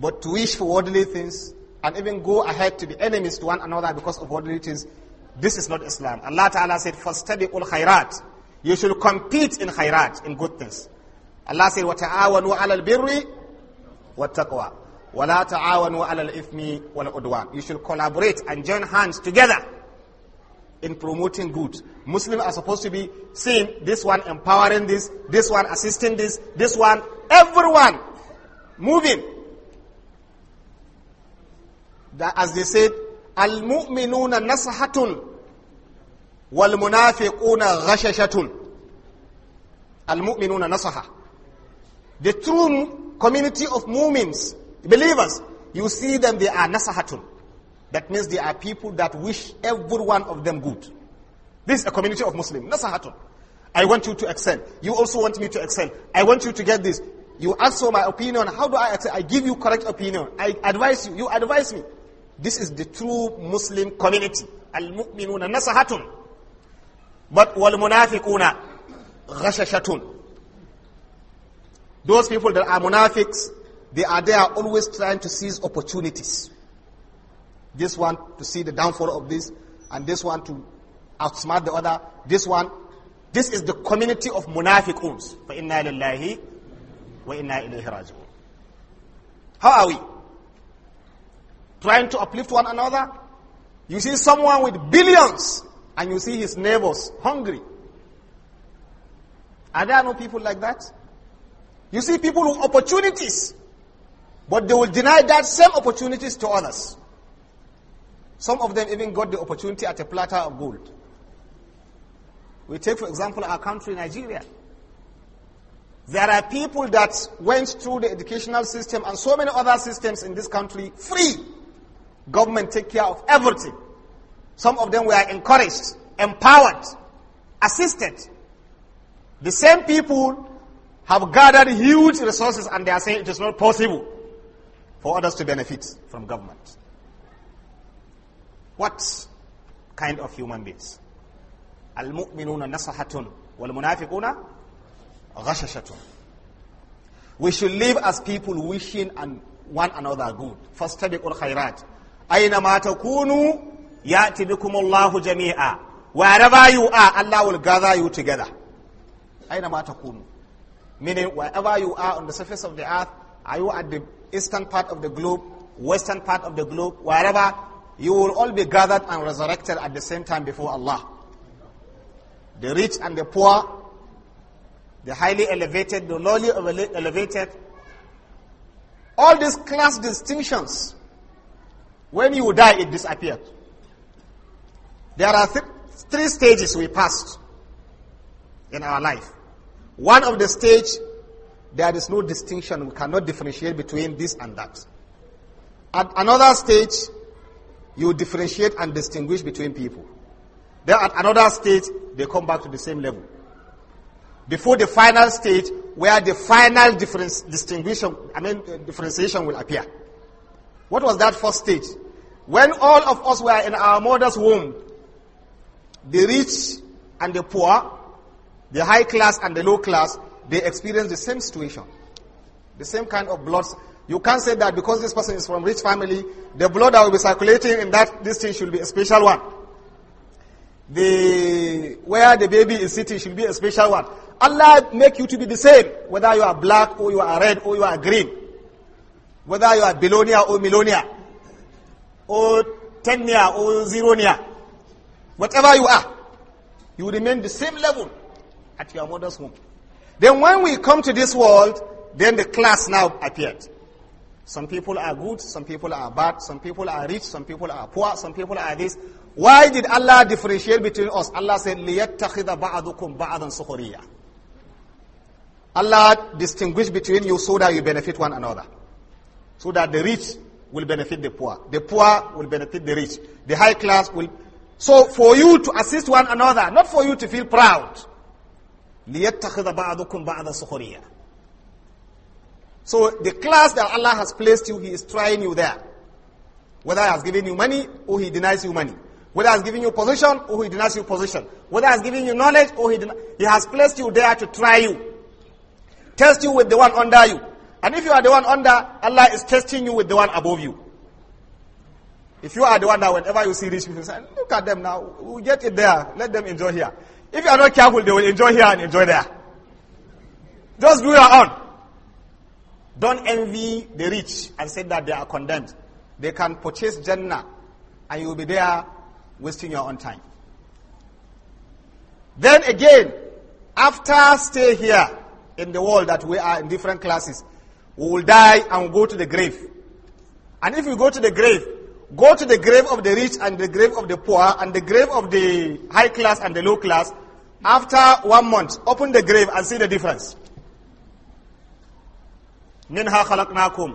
But to wish for worldly things and even go ahead to be enemies to one another because of worldly things, this is not Islam. Allah Ta'ala said, ul khairat." You should compete in khairat, in good things. Allah said, وَتَعَاوَنُوا عَلَى الْبِرِّ وَالتَّقْوَى وَلَا تَعَاوَنُوا عَلَى الْإِثْمِ وَالْعُدْوَانِ You should collaborate and join hands together in promoting good. Muslims are supposed to be seeing this one empowering this, this one assisting this, this one, everyone moving. That, as they said, المؤمنون نصحة والمنافقون غششة المؤمنون نصحة The true community of Muslims Believers, you see them, they are nasahatun. That means they are people that wish every one of them good. This is a community of Muslims. Nasahatun. I want you to excel. You also want me to excel. I want you to get this. You ask for my opinion. How do I excel? I give you correct opinion. I advise you. You advise me. This is the true Muslim community. Al-mu'minuna nasahatun. But wal-munafiquna ghashashatun. Those people that are munafiqs, they are there always trying to seize opportunities. This one to see the downfall of this, and this one to outsmart the other. This one, this is the community of munafiquns. فَإِنَّا How are we? Trying to uplift one another? You see someone with billions, and you see his neighbors hungry. Are there no people like that? You see people with opportunities, but they will deny that same opportunities to others. Some of them even got the opportunity at a platter of gold. We take, for example, our country, Nigeria. There are people that went through the educational system and so many other systems in this country free. Government take care of everything. Some of them were encouraged, empowered, assisted. The same people have gathered huge resources and they are saying it is not possible for others to benefit from government. What kind of human beings? Al-mu'minuna nasahatun wal-munafiquna ghashashatun. We should live as people wishing and one another good. فاستبقوا الخيرات أينما تكونوا يأتي بكم Allahu jami'a. Wherever you are, Allah will gather you together. أينما تكونوا Meaning, wherever you are on the surface of the earth, are you at the eastern part of the globe, western part of the globe, wherever, you will all be gathered and resurrected at the same time before Allah. The rich and the poor, the highly elevated, the lowly elevated, all these class distinctions, when you die, it disappeared. There are th three stages we passed in our life. One of the stage there is no distinction. We cannot differentiate between this and that. At another stage, you differentiate and distinguish between people. Then at another stage, they come back to the same level. Before the final stage, where the final difference, distinguishing, I mean, uh, differentiation will appear. What was that first stage? When all of us were in our mother's womb, the rich and the poor, the high class and the low class they experience the same situation, the same kind of blood. You can't say that because this person is from rich family, the blood that will be circulating in that this thing should be a special one. The where the baby is sitting should be a special one. Allah make you to be the same, whether you are black or you are red or you are green, whether you are Belonia or Milonia or Tenia or Zeronia, whatever you are, you remain the same level at your mother's womb. Then when we come to this world, then the class now appeared. Some people are good, some people are bad, some people are rich, some people are poor, some people are this. Why did Allah differentiate between us? Allah said, لِيَتَّخِذَ بَعَضُكُمْ بَعَضًا سُخُرِيًّا Allah distinguish between you so that you benefit one another. So that the rich will benefit the poor. The poor will benefit the rich. The high class will... So for you to assist one another, not for you to feel proud. لِيَتَّخِذَ بَعْضُكُمْ بَعْضَ سُخُرِيَّةً So the class that Allah has placed you, He is trying you there. Whether He has given you money or He denies you money. Whether He has given you position or He denies you position. Whether He has given you knowledge or He He has placed you there to try you. Test you with the one under you. And if you are the one under, Allah is testing you with the one above you. If you are the one that whenever you see rich people, say, look at them now. We get it there. Let them enjoy here. If you are not careful, they will enjoy here and enjoy there. Just do your own. Don't envy the rich and say that they are condemned. They can purchase Jannah and you will be there wasting your own time. Then again, after stay here in the world that we are in different classes, we will die and we'll go to the grave. And if you go to the grave, Go to the grave of the rich and the grave of the poor and the grave of the high class and the low class. After one month, open the grave and see the difference. منها خلقناكم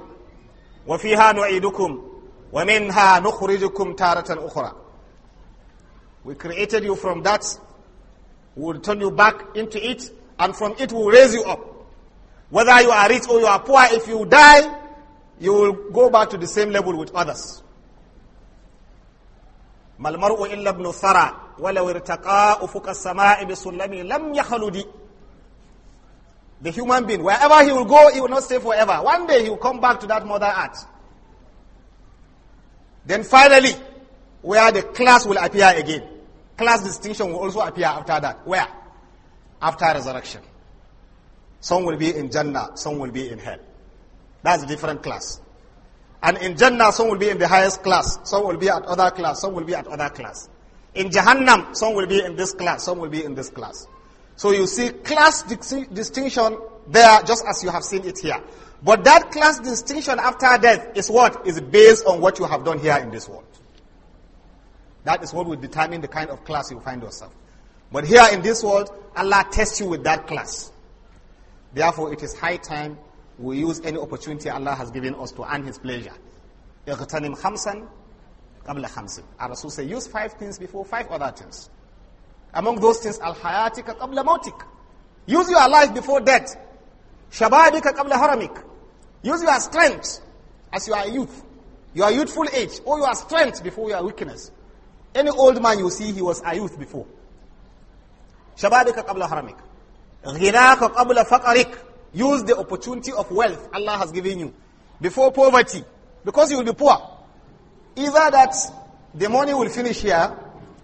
وفيها نعيدكم ومنها نخرجكم تارة أخرى We created you from that. We will turn you back into it. And from it we will raise you up. Whether you are rich or you are poor, if you die, you will go back to the same level with others. Malmar mar'u illa ibn thara walau irtaqa ufuq as-sama'i bi sulami lam yakhludi the human being wherever he will go he will not stay forever one day he will come back to that mother earth then finally where the class will appear again class distinction will also appear after that where after resurrection some will be in jannah some will be in hell that's a different class And in Jannah, some will be in the highest class, some will be at other class, some will be at other class. In Jahannam, some will be in this class, some will be in this class. So you see class distinction there just as you have seen it here. But that class distinction after death is what? Is based on what you have done here in this world. That is what will determine the kind of class you find yourself. But here in this world, Allah tests you with that class. Therefore, it is high time we use any opportunity Allah has given us to earn His pleasure. اغتنم خمسا قبل خمسين. Our Rasul says, use five things before five other things. Among those things, al-hayatika qabla mautik. Use your life before death. Shababika qabla haramik. Use your strength as you are youth. Your youthful age or your strength before your weakness. Any old man you see, he was a youth before. Shababika qabla haramik. غناك قبل فقرك Use the opportunity of wealth Allah has given you before poverty, because you will be poor. Either that the money will finish here,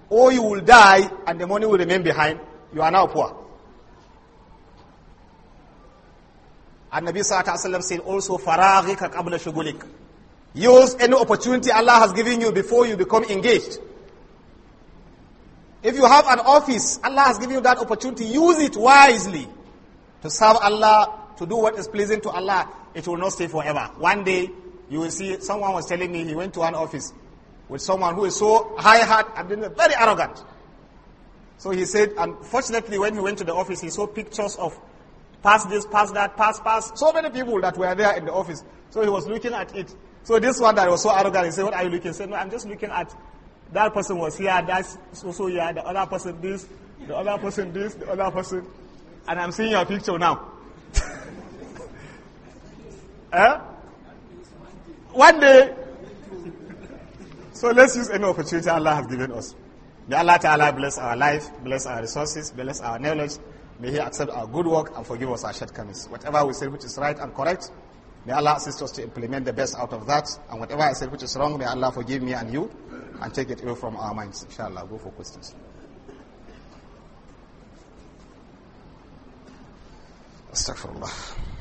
or you will die and the money will remain behind. You are now poor. And Nabi Sallallahu said also, Use any opportunity Allah has given you before you become engaged. If you have an office, Allah has given you that opportunity. Use it wisely to serve Allah to do what is pleasing to Allah, it will not stay forever. One day, you will see, someone was telling me, he went to an office with someone who is so high-heart and very arrogant. So he said, unfortunately, when he went to the office, he saw pictures of past this, past that, past, past, so many people that were there in the office. So he was looking at it. So this one that was so arrogant, he said, what are you looking? He said, no, I'm just looking at that person was here, that's so so here, the other person this, the other person this, the other person. And I'm seeing your picture now. Eh? One day. So let's use any opportunity Allah has given us. May Allah Ta'ala bless our life, bless our resources, bless our knowledge. May He accept our good work and forgive us our shortcomings. Whatever we say which is right and correct, may Allah assist us to implement the best out of that. And whatever I said which is wrong, may Allah forgive me and you and take it away from our minds. Inshallah, go for questions. Astaghfirullah.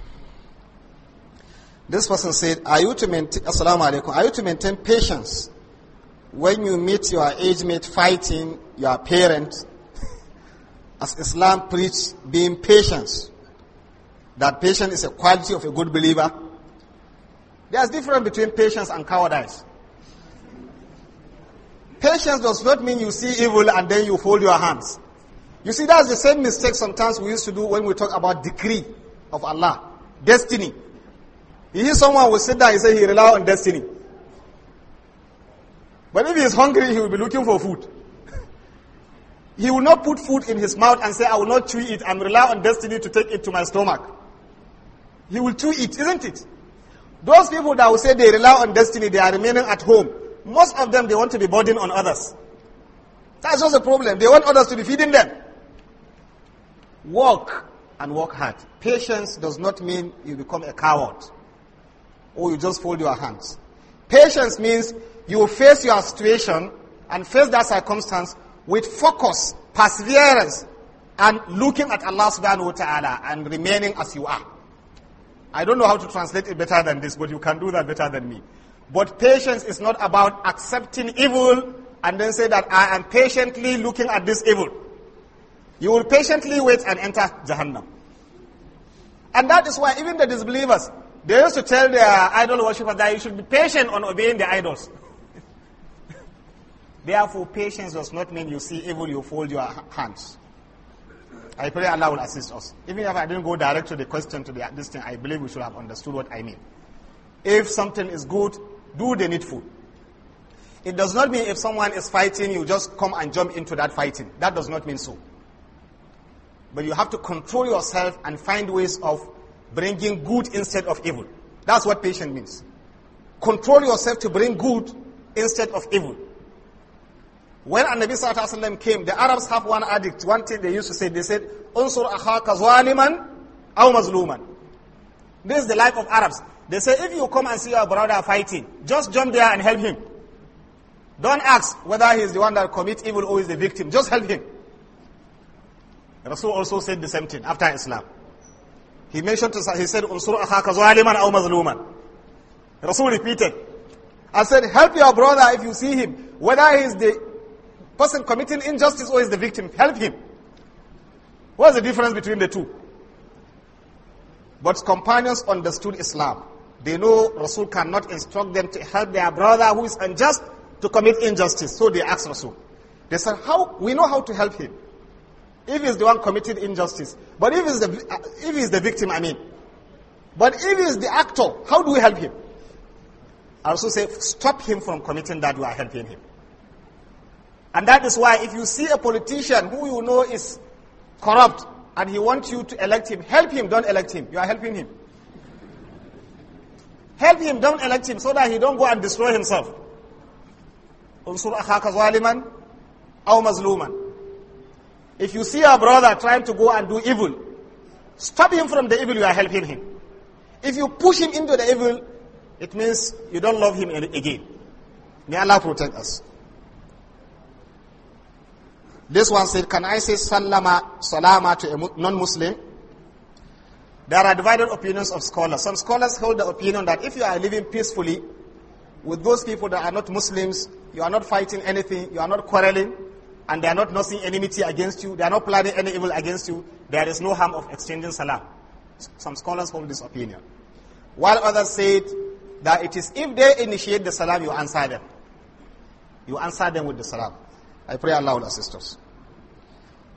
This person said, are you to maintain, assalamu alaikum, are you to maintain patience when you meet your age mate fighting your parents? [laughs] As Islam preach, being patient. That patience is a quality of a good believer. There's difference between patience and cowardice. Patience does not mean you see evil and then you fold your hands. You see, that's the same mistake sometimes we used to do when we talk about decree of Allah, destiny. You hear someone will sit down and say he rely on destiny. But if he is hungry, he will be looking for food. [laughs] he will not put food in his mouth and say, I will not chew it. I'm rely on destiny to take it to my stomach. He will chew it, isn't it? Those people that will say they rely on destiny, they are remaining at home. Most of them, they want to be burden on others. That's just a problem. They want others to be feeding them. Work and work hard. Patience does not mean you become a coward or you just fold your hands. Patience means you face your situation and face that circumstance with focus, perseverance, and looking at Allah subhanahu wa ta'ala and remaining as you are. I don't know how to translate it better than this, but you can do that better than me. But patience is not about accepting evil and then say that I am patiently looking at this evil. You will patiently wait and enter Jahannam. And that is why even the disbelievers, they used to tell their idol worshippers that you should be patient on obeying the idols. [laughs] Therefore, patience does not mean you see evil, you fold your hands. I pray Allah will assist us. Even if I didn't go direct to the question to the, this thing, I believe we should have understood what I mean. If something is good, do the needful. It does not mean if someone is fighting, you just come and jump into that fighting. That does not mean so. But you have to control yourself and find ways of bringing good instead of evil. That's what patience means. Control yourself to bring good instead of evil. When Annabi Sallallahu Alaihi came, the Arabs have one addict. One thing they used to say, they said, Unsur akhaka zaliman aw mazluman. This is the life of Arabs. They say, if you come and see your brother fighting, just jump there and help him. Don't ask whether he is the one that commits evil or is the victim. Just help him. Rasul also said the same thing after Islam. He mentioned to, he said, Unsur akhaka zaliman aw mazluman. Rasul repeated. I said, help your brother if you see him. Whether he is the person committing injustice or is the victim, help him. What's the difference between the two? But companions understood Islam. They know Rasul cannot instruct them to help their brother who is unjust to commit injustice. So they asked Rasul. They said, how, we know how to help him. If he's the one committed injustice. But if he's the, uh, if he's the victim, I mean. But if he's the actor, how do we help him? I also say, stop him from committing that, we are helping him. And that is why if you see a politician who you know is corrupt and he wants you to elect him, help him, don't elect him. You are helping him. Help him, don't elect him so that he don't go and destroy himself. If you see your brother trying to go and do evil, stop him from the evil you are helping him. If you push him into the evil, it means you don't love him again. May Allah protect us. This one said, Can I say salama, salama to a non Muslim? There are divided opinions of scholars. Some scholars hold the opinion that if you are living peacefully with those people that are not Muslims, you are not fighting anything, you are not quarreling, and they are not nursing enmity against you, they are not planning any evil against you, there is no harm of exchanging salam. Some scholars hold this opinion. While others said that it is if they initiate the salam, you answer them. You answer them with the salam. I pray Allah will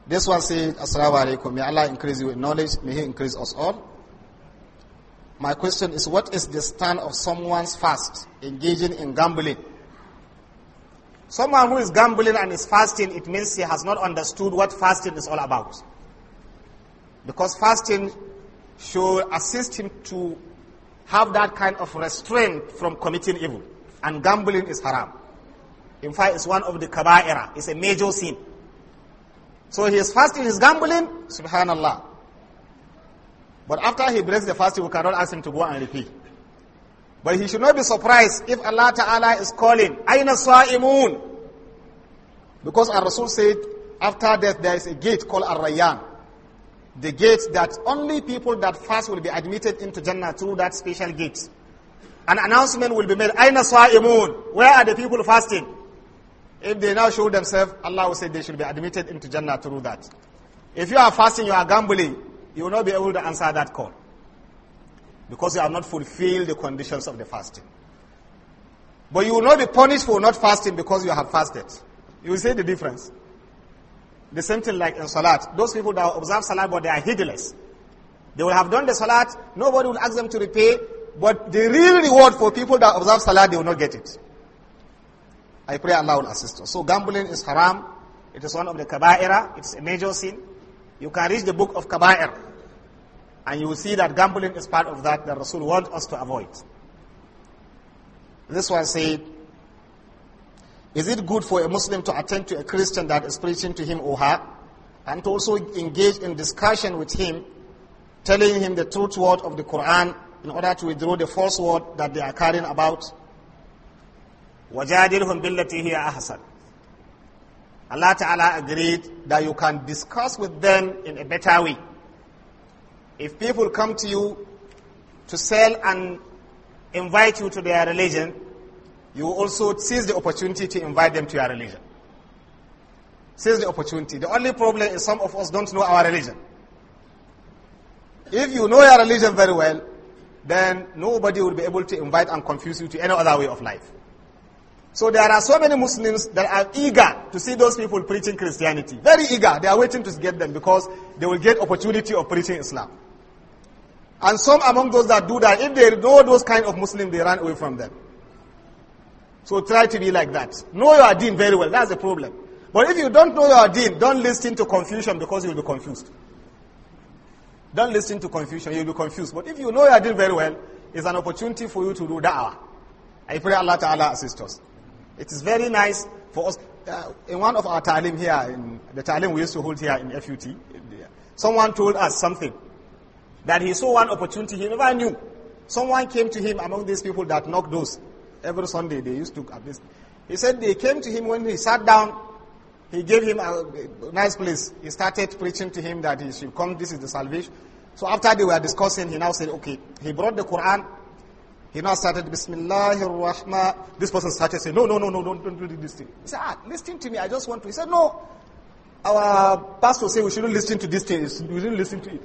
This one said, Assalamu alaikum. May Allah increase you in knowledge. May He increase us all. My question is, what is the stand of someone's fast engaging in gambling Someone who is gambling and is fasting, it means he has not understood what fasting is all about. Because fasting should assist him to have that kind of restraint from committing evil. And gambling is haram. In fact, it's one of the era. It's a major sin. So he is fasting, he is gambling, subhanallah. But after he breaks the fasting, we cannot ask him to go and repeat. But he should not be surprised if Allah Ta'ala is calling, Aina Sa'imun. Because our Rasul said, after death there is a gate called Ar-Rayyan. The gate that only people that fast will be admitted into Jannah through that special gate. An announcement will be made, Aina Sa'imun. Where are the people fasting? If they now show themselves, Allah will say they should be admitted into Jannah through that. If you are fasting, you are gambling, you will not be able to answer that call because you have not fulfilled the conditions of the fasting. But you will not be punished for not fasting because you have fasted. You will see the difference. The same thing like in Salat. Those people that observe Salat but they are heedless. They will have done the Salat, nobody will ask them to repay, but the real reward for people that observe Salat, they will not get it. I pray Allah will assist us. So gambling is haram. It is one of the kaba'ira. It's a major sin. You can reach the book of kaba'ir. And you will see that gambling is part of that that Rasul wants us to avoid. This one said, Is it good for a Muslim to attend to a Christian that is preaching to him or her and to also engage in discussion with him, telling him the truth word of the Quran in order to withdraw the false word that they are carrying about? وَجَادِلْهُمْ بِالَّتِي هِيَ Allah Ta'ala agreed that you can discuss with them in a better way. If people come to you to sell and invite you to their religion, you also seize the opportunity to invite them to your religion. Seize the opportunity. The only problem is some of us don't know our religion. If you know your religion very well, then nobody will be able to invite and confuse you to any other way of life. So there are so many Muslims that are eager to see those people preaching Christianity. Very eager. They are waiting to get them because they will get opportunity of preaching Islam. And some among those that do that, if they know those kind of Muslims, they run away from them. So try to be like that. Know your deen very well. That's the problem. But if you don't know your deen, don't listen to confusion because you'll be confused. Don't listen to confusion. You'll be confused. But if you know your deen very well, it's an opportunity for you to do da'wah. I pray Allah Ta'ala assist us. It is very nice for us. Uh, in one of our ta'lim here, in the ta'lim we used to hold here in FUT, someone told us something that he saw one opportunity he never knew. Someone came to him among these people that knock doors. Every Sunday they used to at least. He said they came to him when he sat down. He gave him a nice place. He started preaching to him that he should come. This is the salvation. So after they were discussing, he now said, okay, he brought the Quran. He now started, Bismillahir Rahman. This person started saying, no, no, no, no, don't, don't do this thing. He said, ah, listen to me. I just want to. He said, no. Our pastor said we shouldn't listen to this thing. We shouldn't listen to it.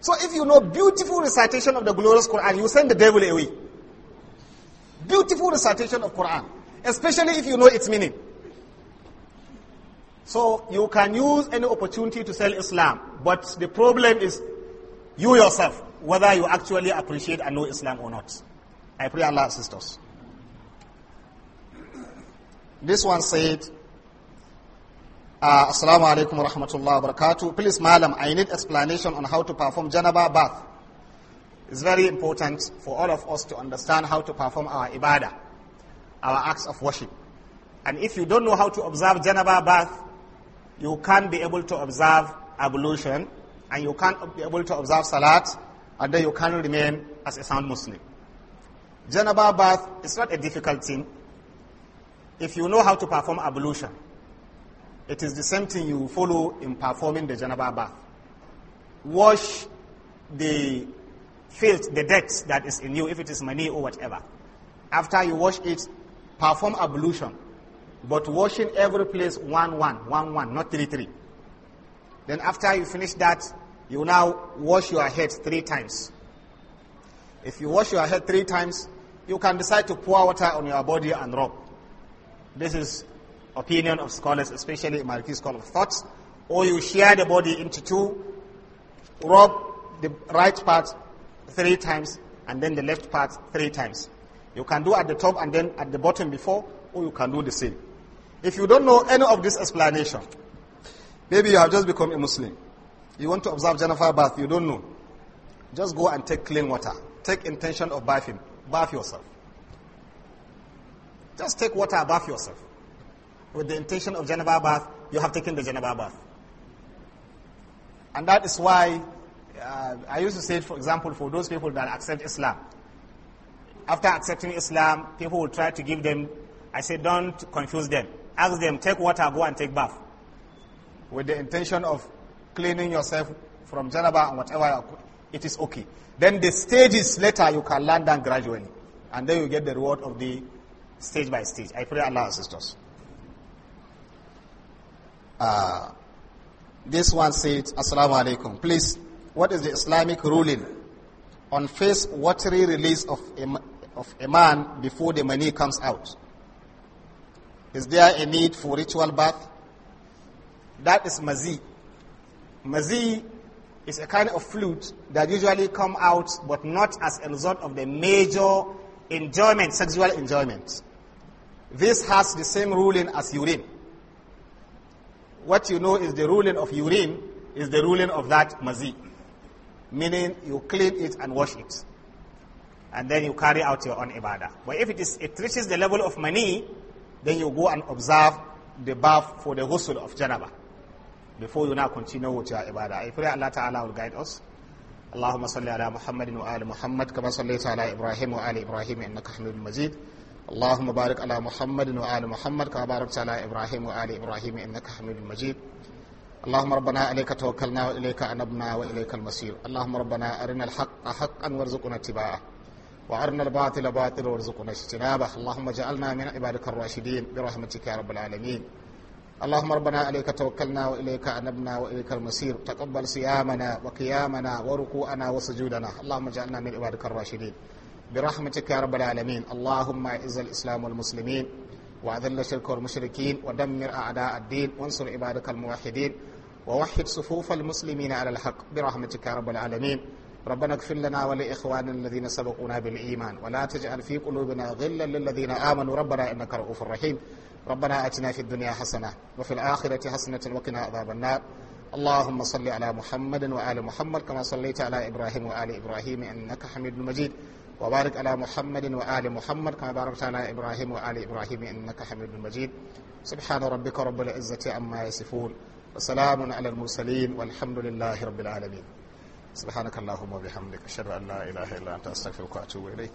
So if you know beautiful recitation of the glorious Quran, you send the devil away. Beautiful recitation of Quran, especially if you know its meaning. So you can use any opportunity to sell Islam, but the problem is you yourself, whether you actually appreciate and know Islam or not. I pray Allah assist us. This one said, uh, Assalamu alaikum wa rahmatullahi wa barakatuh. Please, madam, I need explanation on how to perform janaba bath. It's very important for all of us to understand how to perform our ibadah, our acts of worship. And if you don't know how to observe janaba bath, you can't be able to observe ablution, and you can't be able to observe salat, and then you can't remain as a sound Muslim. Janaba bath is not a difficult thing if you know how to perform ablution. It is the same thing you follow in performing the janaba bath. Wash the filth, the dirt that is in you, if it is money or whatever. After you wash it, perform ablution. But washing every place one, one, one, one, not three, three. Then after you finish that, you now wash your head three times. If you wash your head three times, you can decide to pour water on your body and rub. This is opinion of scholars, especially Maliki school of thought, or you share the body into two, rub the right part three times and then the left part three times. You can do at the top and then at the bottom before, or you can do the same. If you don't know any of this explanation, maybe you have just become a Muslim. You want to observe Jennifer bath, you don't know. Just go and take clean water. Take intention of bathing. Bath yourself. Just take water, bath yourself with the intention of janaba bath, you have taken the janaba bath. And that is why uh, I used to say, it, for example, for those people that accept Islam. After accepting Islam, people will try to give them, I say, don't confuse them. Ask them, take water, go and take bath. With the intention of cleaning yourself from janaba and whatever, it is okay. Then the stages later, you can learn them gradually. And then you get the reward of the stage by stage. I pray Allah assist us. Uh, this one says, Assalamu alaikum. Please, what is the Islamic ruling on face watery release of a, of a man before the money comes out? Is there a need for ritual bath? That is mazi. Mazi is a kind of fluid that usually come out, but not as a result of the major enjoyment, sexual enjoyment. This has the same ruling as urine what you know is the ruling of urine is the ruling of that mazi. Meaning you clean it and wash it. And then you carry out your own ibadah. But if it, is, it reaches the level of mani, then you go and observe the bath for the ghusl of janaba Before you now continue with your ibadah. I pray Allah Ta'ala will guide us. اللهم صل على محمد وآل محمد كما صليت على إبراهيم وآل إبراهيم إنك حميد مجيد اللهم بارك على محمد وآل محمد كما باركت على إبراهيم وآل إبراهيم إنك حميد مجيد اللهم ربنا عليك توكلنا وإليك أنبنا وإليك المصير اللهم ربنا أرنا الحق حقا وارزقنا اتباعه وأرنا الباطل باطلا وارزقنا اجتنابه اللهم اجعلنا من عبادك الراشدين برحمتك يا رب العالمين اللهم ربنا عليك توكلنا وإليك أنبنا وإليك المصير تقبل صيامنا وقيامنا وركوعنا وسجودنا اللهم اجعلنا من عبادك الراشدين برحمتك يا رب العالمين اللهم اعز الاسلام والمسلمين واذل الشرك والمشركين ودمر اعداء الدين وانصر عبادك الموحدين ووحد صفوف المسلمين على الحق برحمتك يا رب العالمين ربنا اغفر لنا ولاخواننا الذين سبقونا بالايمان ولا تجعل في قلوبنا غلا للذين امنوا ربنا انك رؤوف رحيم ربنا اتنا في الدنيا حسنه وفي الاخره حسنه وقنا عذاب النار اللهم صل على محمد وآل محمد كما صليت على إبراهيم وآل إبراهيم إنك حميد مجيد وبارك على محمد وآل محمد كما باركت على إبراهيم وآل إبراهيم إنك حميد مجيد سبحان ربك رب العزة عما يصفون وسلام على المرسلين والحمد لله رب العالمين سبحانك اللهم وبحمدك أشهد أن لا إله إلا أنت أستغفرك وأتوب إليك